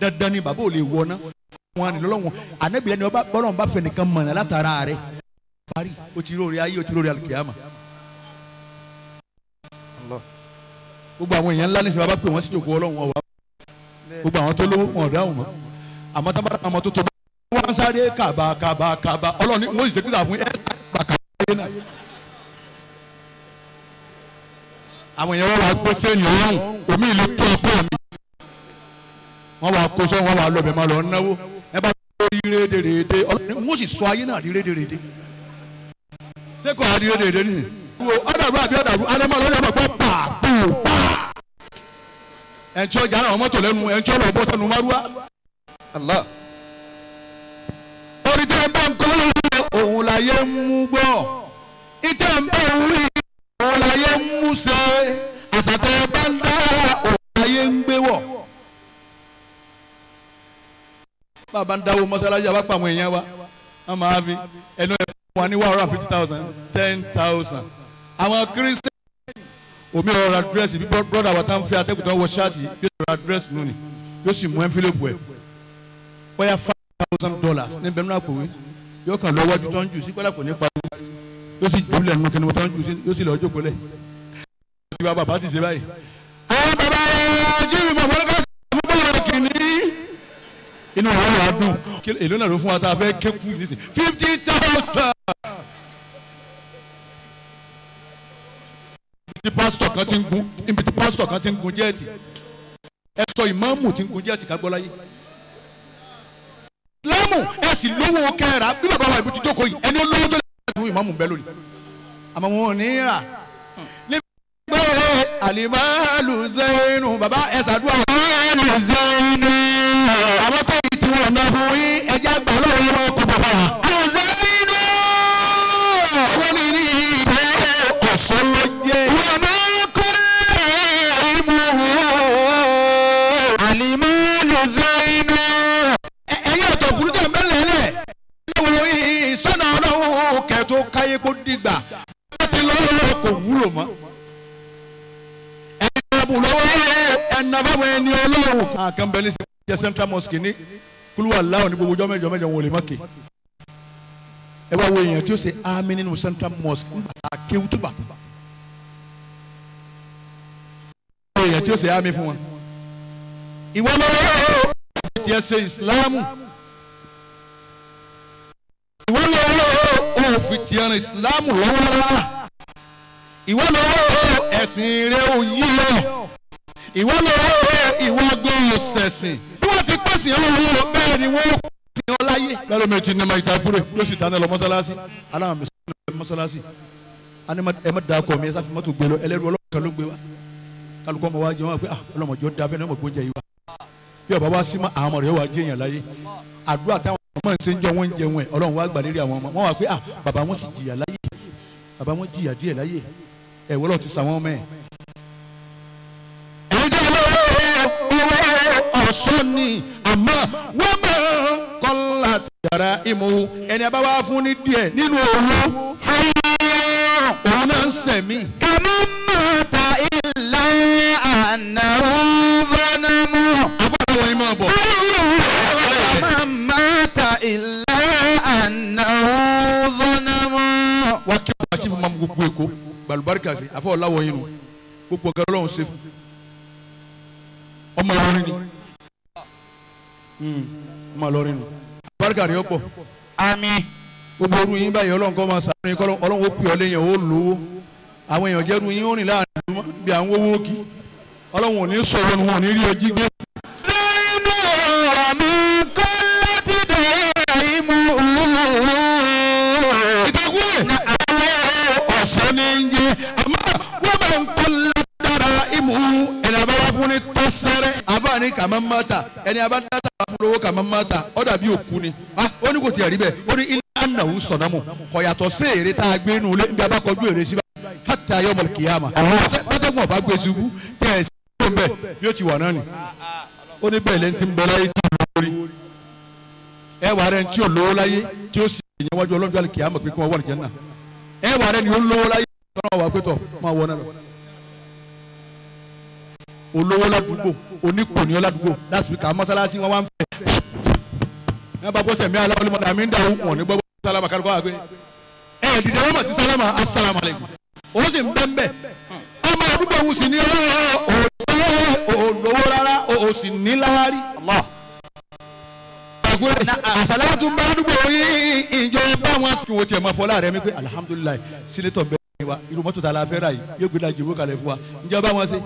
Speaker 2: dandan ni bàbá ò lè wọ náà wọn ni lọ́lọ́wọ́n ànábìyẹ ni bọ́lọ̀ bá fẹ̀ nìkan mọ̀nà látara rẹ̀ parí o ti lórí ayé o ti lórí alùkìyàmà. gbogbo àwọn èèyàn ńlá nísìnyí bàbá pé wọ́n sì jòkó ọlọ́run ọ̀wá gbogbo àwọn tó lówó wọn ọ̀dà wọn àmọ́ tá bá àwọn tó tó bá wọn sáré kàbà kàbà kàbà ọlọ́run ní mọ́sí tẹ́kítà fún ẹ̀ kàbà kàbà náà. àwọn èèyàn wọn wá gbé sẹ́yìn ọ̀run omi ìlú tó ọkọ mi wọ́n wá kó sọ́wọ́n wá lọ́bẹ̀ máa lọ náwó ẹ bá tó rí rédèrèdè ọlọ́run wọ́n sì sọ ayé náà rí rédèrèdè sẹ́kọ̀ á rí rédèrèdè nìyẹn wo ọ̀dàrú àbí ọ̀dàrú alẹ́ máa lọ́dọ̀ ọmọ pa pa ẹ̀ńtsọ́ jà náà mọ́tò lẹ́nu ẹ̀ńtsọ́ lọ bọ́ sẹ́nu márúwá. orí tẹ́ ẹ bá ń kọ́ lọ́wọ́ òun láyé ń mú gbọ́ ìtẹ́ ń bá òun rí òun láyé ń mú ṣe àṣà bá ń dá bàbá ń dáwó mọ́sálásí àbá pàmò èèyàn wa wọ́n máa fi ẹnu ẹ̀ fún ní one hundred fifty thousand ten thousand. àwọn kírísítẹ́nì omi ọ̀rọ̀ ra dírẹ́sì bí bọ́dà wa tá ń fẹ́ atẹ́kùn tó wọ ṣáàtì yóò ti ra dírẹ́sì nù ni yóò sì mú ẹ́ńfílẹ̀pù ẹ̀ bóyá five thousand dollars ní bẹ́ẹ̀ náà kòwé yóò kàn lọ́wọ́ ju tó ń jù sí kọ́lá kò ní pariwo yóò sì jùlẹ̀ nù kí ni mo tó ń jù sí inú wọn yà dùn èlò náà ló fún wa tá a fẹ́ kékun yìí nísìnyí fifty thousand. ibi tí pásítọ̀ kan ti ń gun ibi tí pásítọ̀ kan ti ń gun jẹ́ẹ̀tì ẹ sọ ìmáàmù ti ń gun jẹ́ẹ̀tì kágbọ́láyé. láàmù ẹ sì lówó kẹ́ra bí bàbá wa ìbú ti yìí ẹni olówó tó lè ṣe fún ìmáàmù bẹ́ẹ̀ lónìí. àmọ́ wọn ò ní rà níbi tí wọ́n gbé alimálù zẹ́nu bàbá ẹ̀ ọ̀nà
Speaker 1: fún yín ẹja gbà lọ́wọ́ yín máa kó bọ̀ fara. àzẹ́bínú wọ́n ní ní ìgbẹ́ ọ̀sán ló jẹ́. wọ́n máa kọ́ ìbò àlìmọ́ lọ́zẹ́bínú.
Speaker 2: ẹ̀yin ọ̀tọ̀ burúkú ẹ̀ mẹ́lẹ̀ lẹ̀ lọ́wọ́ yín sọ́nà ọlọ́run kẹ̀tó káyé kó dìgbà láti lọ́wọ́ kò wúlò mọ́. ẹ̀yin ọ̀bùn lọ́wọ́ ẹ̀nàbáwọ̀ ẹni ọlọ́run. àkànbẹ̀lẹ̀ jẹ́ central mosque ní kúlú wà láwọn ní gbogbo ọjọ́ mẹ́jọ mẹ́jọ wọn ò lè má ké ẹ bá wo èèyàn tí ó ṣe àmín nínú central mosque àkéwútúbà èèyàn tí ó ṣe àmín fún wọn ìwọ lọ́wọ́ tí ẹ ṣe ìsìláàmù ìwọ lọ́wọ́ ó fi ti ẹran ìsìláàmù lọ́wọ́lá ìwọ lọ́wọ́ ẹ̀sìn rẹ ò yí lọ ìwọ lọ́wọ́ ìwọ gbọ́n ṣẹ̀sìn sìn ọ́ lọ́wọ́ bẹ́ẹ̀ ni wọ́n kò sìn ọ́ láyé. lọ́dọ̀ mi ti ní ma ìta kúrè ló sì dáná lọ mọ́sálásí aláwọ̀ mi sọ́nà lọ mọ́sálásí ẹ má da ọkọ mi ẹ sáfi mọ́tò gbé lọ ẹlẹ́rú ọlọ́mọ kan ló gbé wa kálukọ́ ọmọ wa jẹun wa pé ah, ọlọ́mọ jọ da fẹ́ẹ́ ní ọmọ gbóúnjẹ yìí wa bí ọba wa sí ma àwọn ọmọ rẹ wà jẹ yàn láyé àdúrà táwọn ọmọ ń ṣe ń jọ wọn ń jẹ wọn ẹ Ọlọ́run wa gbà lérí àwọn ọmọ wọn wà pé ah bàbá wọn sì jìyà láyé bàbá wọn jìyà díẹ̀ láyé ẹ wọlọ ti sàwọn ọmọ ẹ sọ́ni àmọ́ wọ́n mọ̀ kọ́lá tìjàrá ìmọ̀ ẹni a bá wá fún ní díẹ̀ nínú owó òun náà ń sẹ̀mí. kàmú mọ̀ta ìlà ànàrọ̀ bọ́nà àbúrò wọn ìmọ̀ bọ̀. kàmú ìlà ànàrọ̀ bọ́nà mọ́. wá kí wọ́n wá fún mamu gbogbo èkó gbalubarika sí àfọwọ́ láwọ̀ yín nu gbogbo ọ̀gá ọlọ́run ṣe fún ọmọ ìwúrin ni ọmọ lọrin nù àbáríkà rẹ pọ̀ àmì gbogbo orú yín báyìí ọlọ́run máa sàárín kọ́ ọlọ́run ó pè ọ́ léyìn ó lówó àwọn èèyàn jẹ́rú yín ó rìn láàrin ìlú bí àwọn owó kí ọlọ́run ò ní sọ̀rọ̀ wọn ò ní rí ojú gbé.
Speaker 1: nínú ọ̀rọ̀ mi kọ́ láti dọ̀rọ̀ ìmú òun. ìtàkùn ẹ̀
Speaker 2: àwọn ọ̀sán ní í jẹ́ àmọ́ wọ́n máa ń kọ́ ládàra ìmú ẹ̀dá bá ní kàmá má ẹni abá ata kàmá ta ó òkú ni ah, ó ní kò tiẹ̀ rí bẹ́ẹ̀ ó ní ilé anáwó sọ̀nàmù kò sí èrè tá a gbé nù lé níbi abákọ̀jú èrè síbá hàtà yọ kìyàmà pátákùn ọ̀bá gbé ṣubú tẹ̀ ẹ̀ bẹ́ẹ̀ ti wà náà ni ó ní bẹ́ẹ̀ lẹ́ni tí ń bẹ láyé tí lórí ẹ wà rẹ tí ò lówó láyé tí ó sì wájú ọlọ́jọ́ olówó ládùúgbò onípò ní ọládùúgbò láti fi kà á mọ́sálásí wọn wá ń fẹ́. ní bá bọ́sẹ̀ mi aláwọ̀ lọ́mọdé àmì ń dà wọ́n ní gbọ́dọ̀ sálámà kárìkọ́ àgbẹ̀. ẹ dìde wọn mọ̀ ti sálámà asálàmù alẹ́kùn òun sì ń bẹ́ ń bẹ́ ọmọ àdúgbò òun sì ní olówó rárá òun sì ní láárí. àṣàlátù bá àdúgbò yín ìjọba wọn sì wọ́n tiẹ̀ máa fọlá rẹ̀ mi pé alihamudulilayi sinitọ̀ bẹ́ẹ̀ wa irú mọ́tò tá la fẹ́ ra yìí yóò gbé la jòwó kalẹ̀ fún wa ìjọba wọn ṣe.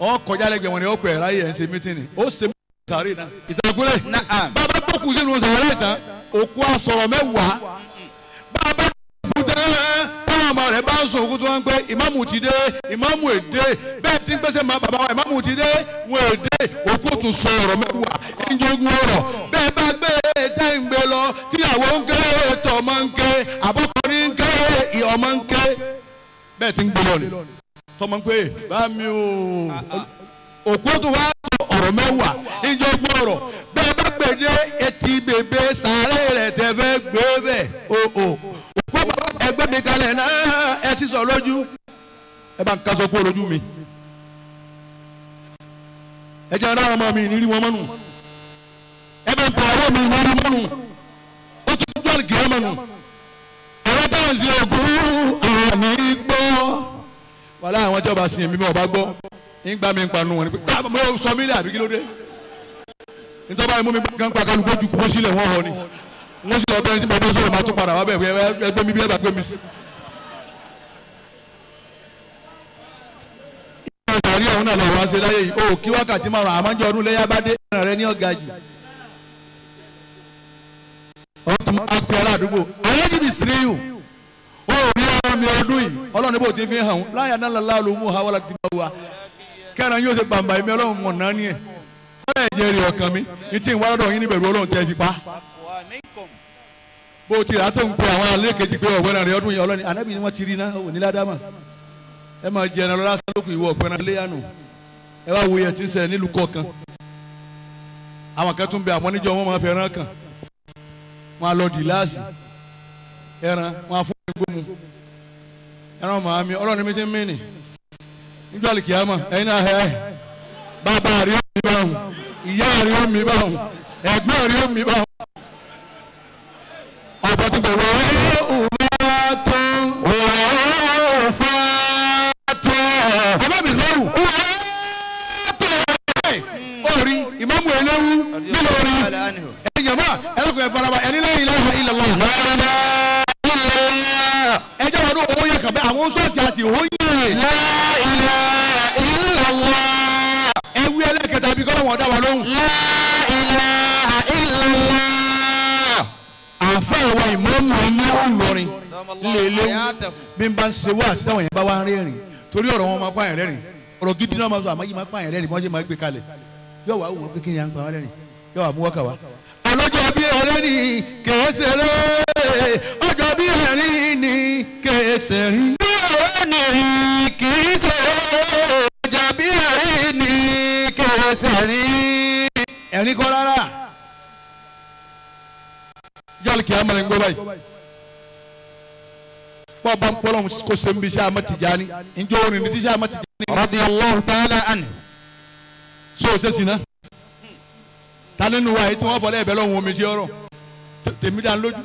Speaker 2: Ọ lẹ́gbẹ̀ẹ́ wọn ni ọ ẹ ráyè ẹ ń ṣe mítìnì ó ṣe na sàárè náà. bàbá tó kù sínú sàárè tán òkú asọ̀rọ̀ mẹ́wàá bàbá tó kù tán táwọn ọmọ rẹ̀ bá ń sọ òkú tó wọn pé ìmáàmù ti dé ìmáàmù èdè ń máa bàbá wa ìmáàmù ti dé wọn èdè òkú bá gbé lọ tíyàwó ń ké ń ké tọmọ pé bá o òkú tó wá ọ̀rọ̀ mẹ́wàá ìjọ gbọ́rọ̀ bẹ́ẹ̀ bá pè ní etí bèbè sàárẹ̀ rẹ̀ tẹ́ gbé bẹ̀ o o òkú ẹgbẹ́ mi kalẹ̀ náà ẹ ti sọ lójú ẹ bá ń kaṣọ kó lójú mi ẹ jẹ́ ara ọmọ mi nírí wọn mọ́nu ẹ bá ń pa ọwọ́ mi nírí mọ́nu ó tún dọ́ọ̀lù kìí mọ́nu ẹ̀rọ táwọn ṣe ògùn àmì gbọ́ wàhálà àwọn tí ọba sìn mímọ́ ọba gbọ́ ń gbá mi ń panu wọn ni pé ká mo yọ sọ mí lé àbí kí ló dé nítorí báyìí mú mi gán pa kálukú ju kó sílẹ̀ wọ́n họ ni wọ́n sì lọ bẹ́ẹ̀ ní bọ́dọ̀ sọ̀rọ̀ máa tún padà wá bẹ́ẹ̀ ẹgbẹ́ mi bí ẹ bá gbé mi sí. ìgbà sàárì ọ̀hún náà lọ́wọ́ ṣe láyé yìí o kí wákàtí máa ràn àmọ́jọ́ ọdún lẹ́yà bá dé ẹ̀ràn rẹ ní ọ̀gá jù. ọ̀tún akpẹ́ aládùúgbò ayé jìbìsírí yìí mi ọdún yìí ọlọ́run níbo ti fi hàn láyà náà lálẹ́ olùmú ha wàlá ti bá wa kẹ́ran yóò ṣe bàǹbà mi ọlọ́run mọ̀ náà ni ẹ̀ wọ́n yẹ jẹ́rìí ọkàn mi ní tí ń wá lọ́dọ̀ yín ní bẹ̀rù ọlọ́run tẹ́ fi pa. bó o ti rà á tó ń pe àwọn alẹ́ kejì pé ọ̀gbẹ́ni rẹ ọdún yìí ọlọ́ni anábì ni wọ́n ti rí náà òní ládàmà ẹ máa jẹ ẹran lọ́la sálókù ìwọ ọ̀gbẹ́ni iléyànù ẹ wá wo ẹran màá mi ọlọ́run mi ti ń mí nì níjọ́ àlìkìyàmọ̀ ẹ̀yin náà ẹ̀ bàbá rí omi báwọn ìyá rí omi báwọn ẹ̀gbọ́n
Speaker 1: rí omi báwọn. ọ̀pọ̀ tó bẹ̀rẹ̀ wọ́n ọmọ tó wọ́n fà tó. bàbá mi lọ́rù
Speaker 2: wọ́n tó orí ìmọ̀mù ẹ̀lẹ́wù nílò orí ẹ̀yìn jàmbá ẹ̀rọ kò ẹ̀ faraba ẹ̀ nílẹ̀ ilaha illallah. àwọn ṣọ́ọ̀ṣì àṣìwò yẹn. la ilaha illallah. ẹ wí ẹlẹ́kẹta bí kọ́lọ́ wọn dá wa lóhùn. la ilaha illallah. àfa àwọn ìmọ̀ọ́mù ní Ìlọrin lélẹ́wù bí n bá ń ṣe wá àti táwọn yẹn bá wá ń rẹ́rìn torí ọ̀rọ̀ wọn máa pa ẹ̀rẹ́ rìn ọ̀rọ̀ gidi náà máa sọ àmọ́ yìí máa pa ẹ̀rẹ́ rìn bí wọ́n ṣe máa gbé kalẹ̀ yóò wá wọ́n pé kí à ń pa wọ́n rẹ́rìn yóò wá mú wọ́kà àlọ́jọ́ bí ọ̀rẹ́ ni kèé ṣeré ọjọ́ bí ẹ̀rín ni
Speaker 1: kèsè rí. bí òwe ni rí kì í ṣe ọjọ́ bí ẹ̀rín ni kèsè rí. ẹ̀rín kọ́ rárá
Speaker 2: yálì kìí amẹ́lẹ̀ ń gbé báyìí pọ̀ bá ń pọ́lọ́hún kó ṣe ń bí iṣẹ́ Ahmad Tijani njó orin ní tíṣẹ́ Ahmad Tijani. radiyallahu ta'ala anhu. so ṣe sinna ta nínú wa yìí tí wọ́n fọlẹ́ ẹ̀bẹ̀ lọ́hùn omi ṣe ọ̀rọ̀ tèmi dá lójú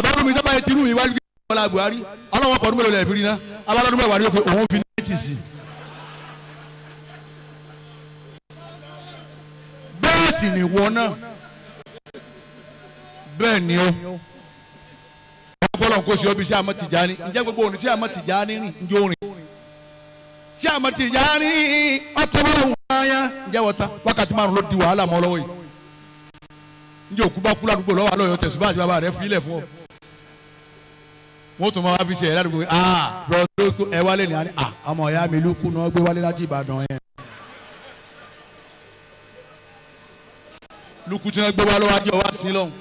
Speaker 2: àbálòmí sábà yẹn tirú yìí wájú kí ọlá Buhari ọlọ́wọ́ pọ̀ númẹ̀rẹ̀ lẹ́ẹ̀fì rí ná abálọ́dún mẹ́wàá ní òkè òun fi náìtì sí. bẹ́ẹ̀ sì ni wọ́n náà bẹ́ẹ̀ ni ó ọpọlọ kò sí obi sí Ahmad Tijani ǹjẹ́ gbogbo òní sí Ahmad Tijani rìn ń jó rìn sí Ahmad Tijani ọtọ́wọ́ wáyà ǹjẹ́ wọ́ta wákàtí márùn ló di wàhálà mọ́ lọ́wọ́ yìí ǹjẹ́ òkú bá kú ládùúgbò lọ́wọ́ àlọ́ yọ tẹ̀síbáàsì bàbá rẹ̀ fi ilẹ̀ fún ọ wọ́n tún máa fi ṣe ẹ̀ ládùúgbò ah bọ́ọ̀dù ẹ wálé ní àná ah, àmọ́ ìyá mi ló kú gbé wálé láti Ìbàdàn yẹn. lukú tí wọ́n gbé wá lọ́wọ́ adé ọwọ́ sí lọ́hùn.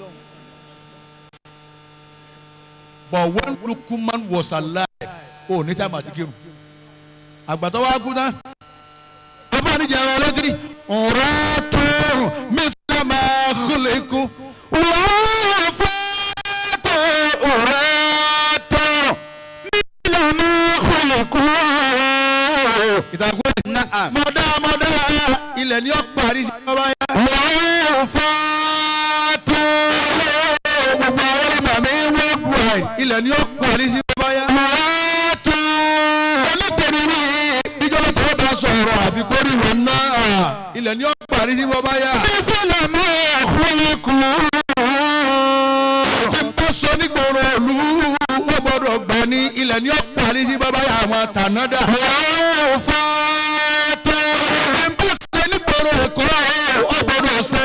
Speaker 2: but when Lukman was alive ó ní táìmù àti kírun àgbàdo wa kú náà bàbá mi jẹ ẹran létí. ọ̀rọ̀ tó mi fẹ́ máa kúlẹ̀
Speaker 1: kú wọ́n. ìtàkùn
Speaker 2: ẹ̀. mọ̀dá mọ̀dá ilẹ̀ ni ó parí sí ọba yá. wọ́n fọ́ tó lé gbogbo ọ̀rẹ́ màmí wọ́n kù ẹ̀. ilẹ̀ ni ó parí sí ọba yá. wọ́n tó olóòtẹ̀rẹ̀ mi ìjọba tó bá sọ̀rọ̀ àbí kórì wọn náà. ilẹ̀ ni ó parí sí ọba yá. bí fúlẹ̀ mú ọ̀fun kù. tí n ní ilẹ̀ ni sí bàbá yà àwọn tànádà.
Speaker 1: wọ́n fọ́.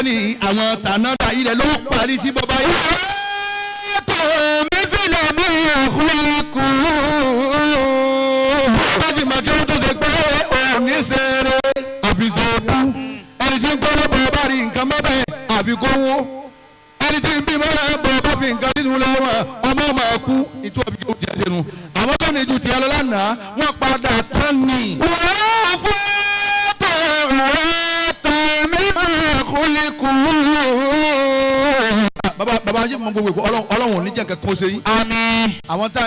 Speaker 2: kùránì àwọn tànádà ilẹ̀ ló parí sí bàbá yìí. ọ̀rọ̀
Speaker 1: mi fìlẹ̀ mi àkúrẹ́ kù. bá ti mọ̀ kí wọ́n tó ṣe pé òun ní
Speaker 2: sẹ́ẹ̀rẹ́ àfìsẹ́ bú. ẹni tí ń gbọ́ lọ́pọ̀ bá rí nǹkan mọ́bẹ̀ àfi kó wọ́n. ẹni tí ń bí mọ́ bọ̀ bá fi nǹkan sínú lọ́wọ́ ọmọ ọmọ ẹ̀kú ìtú àfi kí wọ́n jẹ́ sínú. àwọn tó ní ju tiẹ̀ lọ lánàá wọ́n padà tán ni. wọ́n á fún baba yìí mọ gbogbo ìkó ọlọ́run oníjà nǹkan kan ṣe yín. àmín. àwọn tá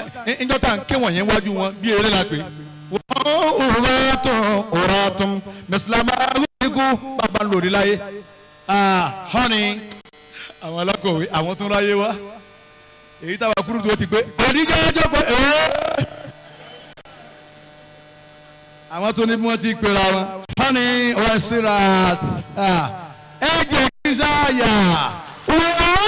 Speaker 2: njọ́ tá n ké wọ̀nyẹn wájú wọn bí eré la pé. wọ́n òwúrọ̀ tún òwúrọ̀ tún mùsùlùmá wíwíkú bàbá lórí láyé. họ́ni àwọn alákọ̀wé àwọn tún láyé wá èyí táwa kúrú tó ti pé àdíjọ́ ọjọ́ pé ẹ̀ẹ́. àwọn tó ní bí wọ́n ti pera wọn. họ́ni wẹ́sírà ẹ̀jẹ̀ kí sáyà wọ́n.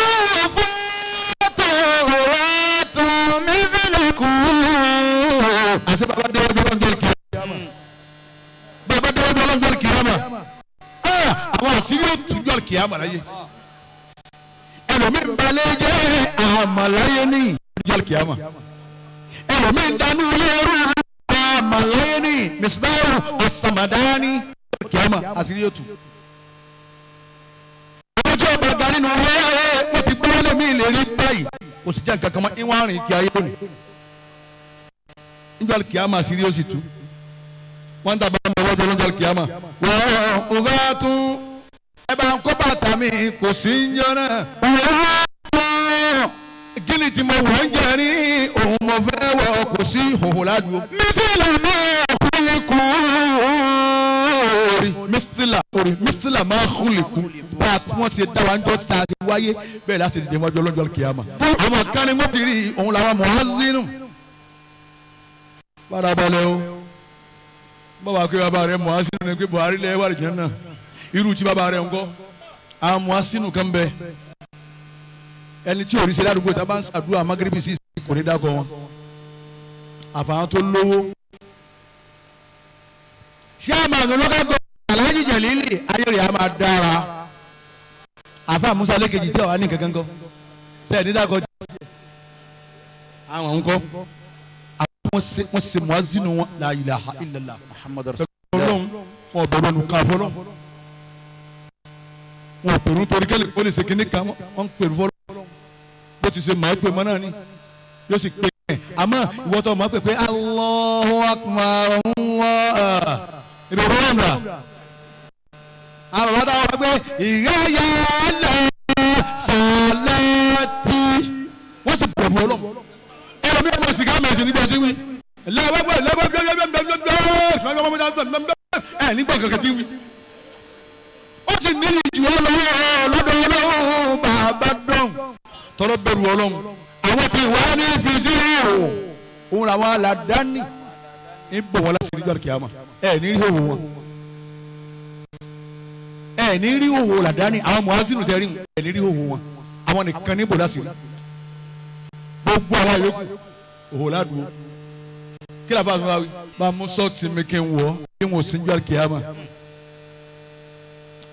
Speaker 2: àṣírí òtújú àlùkìyà àmàláyé ẹlòmíín balẹ̀ jẹ́ àmàláyé ní òtújú àlùkìyà àmà ẹlòmíín dánú lẹ́rú àmàláyé ní misibaru asamadani àlùkìyà àmà àṣírí òtú. ọjọ́ ọba ga nínú wẹ́rẹ́ wọ́n ti gbọ́ lẹ́mí ìlérí báyìí kò sì jẹ́ nǹkan kan mọ́ ìwọ̀n àrùn ìkí ayé lónìí níjọ́ àlùkìyà àmà àṣírí òsì tú wọ́n ń tàbá ọmọ ọlọ́dún níjọ́ àlùkìyà wọ́n ọ̀gá tún ẹ bá ń kó bàtà mi kò sí ń yọ̀nà. kí ni tí mo wọ̀ ń jẹ ní òun mo fẹ́ wọ̀ kò sí ìhòòhò ládùúgbò. mísílà máa kúlẹ̀ kún. mísílà orí mísílà máa kúlẹ̀ kún. bá a tí wọ́n ṣe dá wa ń jọ ta ti wáyé bẹ́ẹ̀ láti dìde mọ́jú ọlọ́jọ́ kìáma. àmọ́ kánni wọ́n ti rí òun làwọn mọ̀ọ́sínú. farabalẹ̀ o báwa kí wàá bá rẹ̀ mọ̀ọ́sínú ni pé Buhari lẹ́wà lè jẹ́ náà irú tí bàbá rẹ̀ ń kọ́ àmọ́ asínú kan bẹ ẹni tí òrìṣẹ́ ládùúgbò tá a bá ń sàdúrà magrebi sí i kò ní dákọ̀ wọn àfàwọn tó lówó. ṣé àmàlù lọ́kàgbọ́ aláàjì jẹ̀lílì ayé rẹ̀ á máa dára àfa musa lẹ́kẹ̀jì tí àwa ní kankan kọ́ sẹ́yìn nídàkọ̀ jẹ́ àwọn ń kọ́ wọ́n ṣe wọn la ilaha illallah muhammadu rasulillah ọlọ́run wọn bẹ̀rù fọlọ́run wọn pèrú nítorí kí ó lè ṣe kíní kan wọn pèrú fọlọ́ bó ti ṣe máa pè mọ́ náà ni yóò sì pè é àmọ́ ìwọ́tọ̀ máa pè pé Allahu akbar Allah ìrora ọ̀nà àwọn bàbá wọn pé ìyáyà lọ sọlẹ́tì wọ́n sì pẹ̀lú ọlọ́ ẹ̀rọ mi ò mọ̀ sìgá mẹ́sì níbi ẹtí wí lẹ́wọ́gbẹ́ lẹ́wọ́gbẹ́ lẹ́wọ́gbẹ́ ẹ̀ nígbà kankan ti wí. ara wọn aládàáni ń bò wọn láti rí jọ́ọ̀kì àmọ́ ẹ ní rí òwò wọn ẹ ní rí òwò làdáni àwọn muhazinu tẹ rí ẹ ní rí òwò wọn àwọn nìkan ní bò láti rí gbogbo àwọn yòókù òwò ládùúgbò kí lóò bá mi wá wí bá mú sọ́ọ̀tì mi kí n wọ̀ kí n wò sí jọ́ọ̀kì àmọ́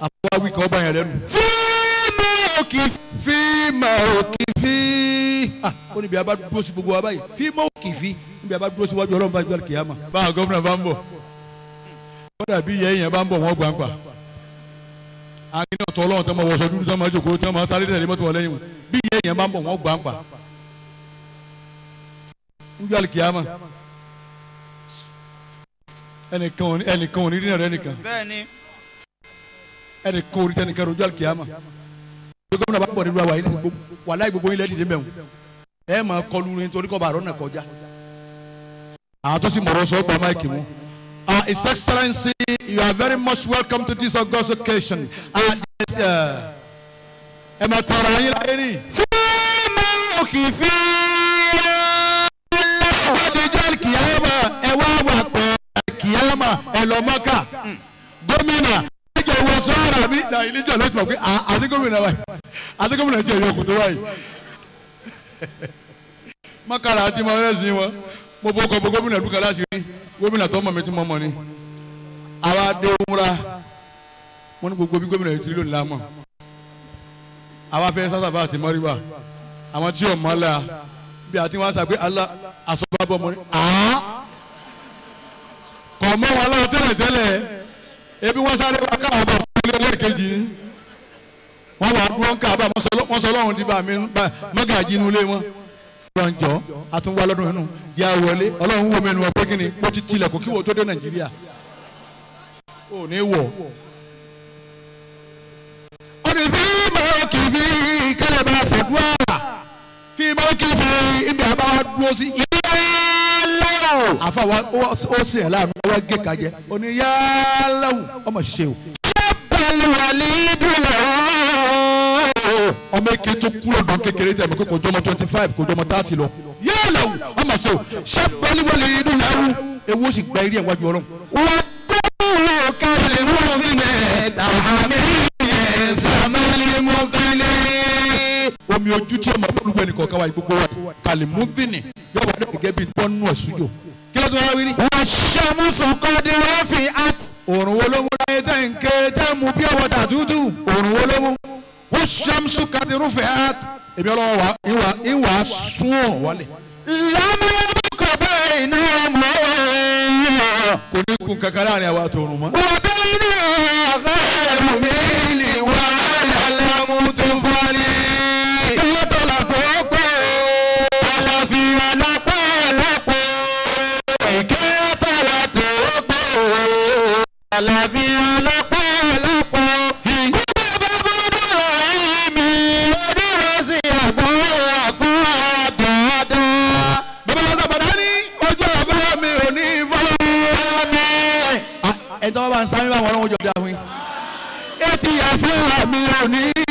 Speaker 2: àfọwáwí kan ọba yẹn lẹ́nu.
Speaker 1: fíìmù
Speaker 2: òkì fíìmù òkì fíìmù fi ah, ó níbi abá dúró sí gbogbo wa báyìí fi mọ́ kì í fi níbi abá dúró sí wájú ọlọ́run bá jùlọ kìyàmà. báwa gómìnà bá ń bọ̀ wọ́n dàbí ìyá èèyàn bá ń bọ̀ wọ́n gbàǹgbà àkínní ọ̀tọ̀ ọlọ́run tó máa wọṣọ dúdú tó máa jókòó tó máa sáré tẹ̀lé mọ́tò wọn lẹ́yìn bí ìyá èèyàn bá ń bọ̀ wọ́n gbàǹgbà níjọ́ àlìkìyàmà ẹnìkan ò ní rìnrìn rẹ nìkan ẹnìkan ò ní tẹnìkan rojọ́ àlìkìyàmà bí gómìnà bá pọ̀ nínú àwa yìí wàláì gbogbo yín lẹ́dìdì mẹ́wọ̀n ẹ máa kọlu ní torí kọ́ bá kọjá. àwọn tó sì mọ̀rọ̀ sọ gba máìkì mú. Uh, His Excellency, you are very much welcome to this august occasion. Uh, uh, ẹ máa tọrọ ayé láyé rí. fíìmù òkè fíìmù ọ̀dẹ̀jọ́ ẹ wá wà pẹ̀ kìámà ẹ lọ Mọ́kà gómìnà mo sọ ara mi na ìníjọ ló ti mọ̀ pé àti ah, gómìnà wa àti gómìnà tí èyí ọkùnrin wa yìí (laughs) mọ́kàrà àti mọ́ ẹ̀sìn wọn mo bọ́ kọ́ bọ́ gómìnà dúkà láti rí gómìnà tó mọ̀ mi tí mo mọ̀ ni àwa dé múra wọn ní gbogbo bí gómìnà yìí ti rí lónìí lámọ̀ àwa fẹ́ sásábà àti mọ́ríwá àwọn tí ò mọ́ la bí àti wọn sàgbé alá àsọ̀bàbọ̀ mọ́ni àá kọ̀ mọ́ wọn lọ́wọ́ tẹ́lẹ̀ tẹ́lẹ̀ ebi wọ́n sáré wá káwọn bá wọlé lẹ́ẹ̀kejì ni wọ́n wà dúró ń ká bá wọ́n sọ lọ́run di bá mi mọ́gàjì inú ilé wọn. ọlọ́run jọ àtúnwá lọ́dún inú jẹ́ àwọlé ọlọ́run wo mẹ́nu ọ̀pẹ́ kínní bó ti tilẹ̀ kó kíwọ́ tó dé nàìjíríà ò ní wọ̀.
Speaker 1: onífi máa kì í fi
Speaker 2: kẹlẹ máa ṣàdúrà fi máa kì fi ibi àbáwá dúró sí lẹ́wọ̀. àfa wa ó sì ẹ̀ láàánú wá gé kajẹ oní yá ọmọ ṣe o. yẹ́pẹ̀lú dùnà. ọmọ èké tó kúrò dùn kékeré tẹ̀ mí kó kò jọmọ twenty five kò jọmọ thirty lọ yá lẹ́wọ̀ ọmọ ṣe o ṣẹ́pẹ̀lú wàlí dùnà ẹ̀wù ewu ó sì gba eré ẹ̀ wájú ọlọ́run. wà á tó wúlò kálí wọ́n fi mẹ́ tàbí mẹ́ sàmẹ́lì mọ́kànlẹ́. omi ojú tí ọmọ fún ẹnì kọ̀ọ̀kan wa yìí gbogbo wa yìí kàlímúdìní yóò wá dẹ̀ gẹ́gẹ́ bí tọ́nù ọ̀ṣújò kí ló tún wá wíri. wà á ṣe àmúṣọkọ di rọ́ọ̀fì àti. òrùn wo ló mú láyé tẹ́ ń ké mú bí ọwọ́ tà tútù òrùn wo ló mú. wọ́n ṣàmùsù kàti rúfẹ́ àti. èmi ọlọ́wọ́ wa ìwà ìwà sún òrùn wọlé.
Speaker 1: lámúyàmú kọ̀ kò bẹ́ẹ̀ ní Àlàbí ọlọ́pàá ọlọ́pàá nígbà bá gbọ́dọ̀ ọ̀rẹ́ mi lọ́dúnrún sí àgbọ̀n àgbọ̀n àbọ̀dá. Bàbá ọ̀sán
Speaker 2: bàdá ní ojú ọ̀bá mi ò ní fọ́lọ́ ah, mi. Ẹ̀dá ọba ń sáré báwọn ọlọ́run jọ̀dá wí. Ètì àfẹ́ mi ò ní.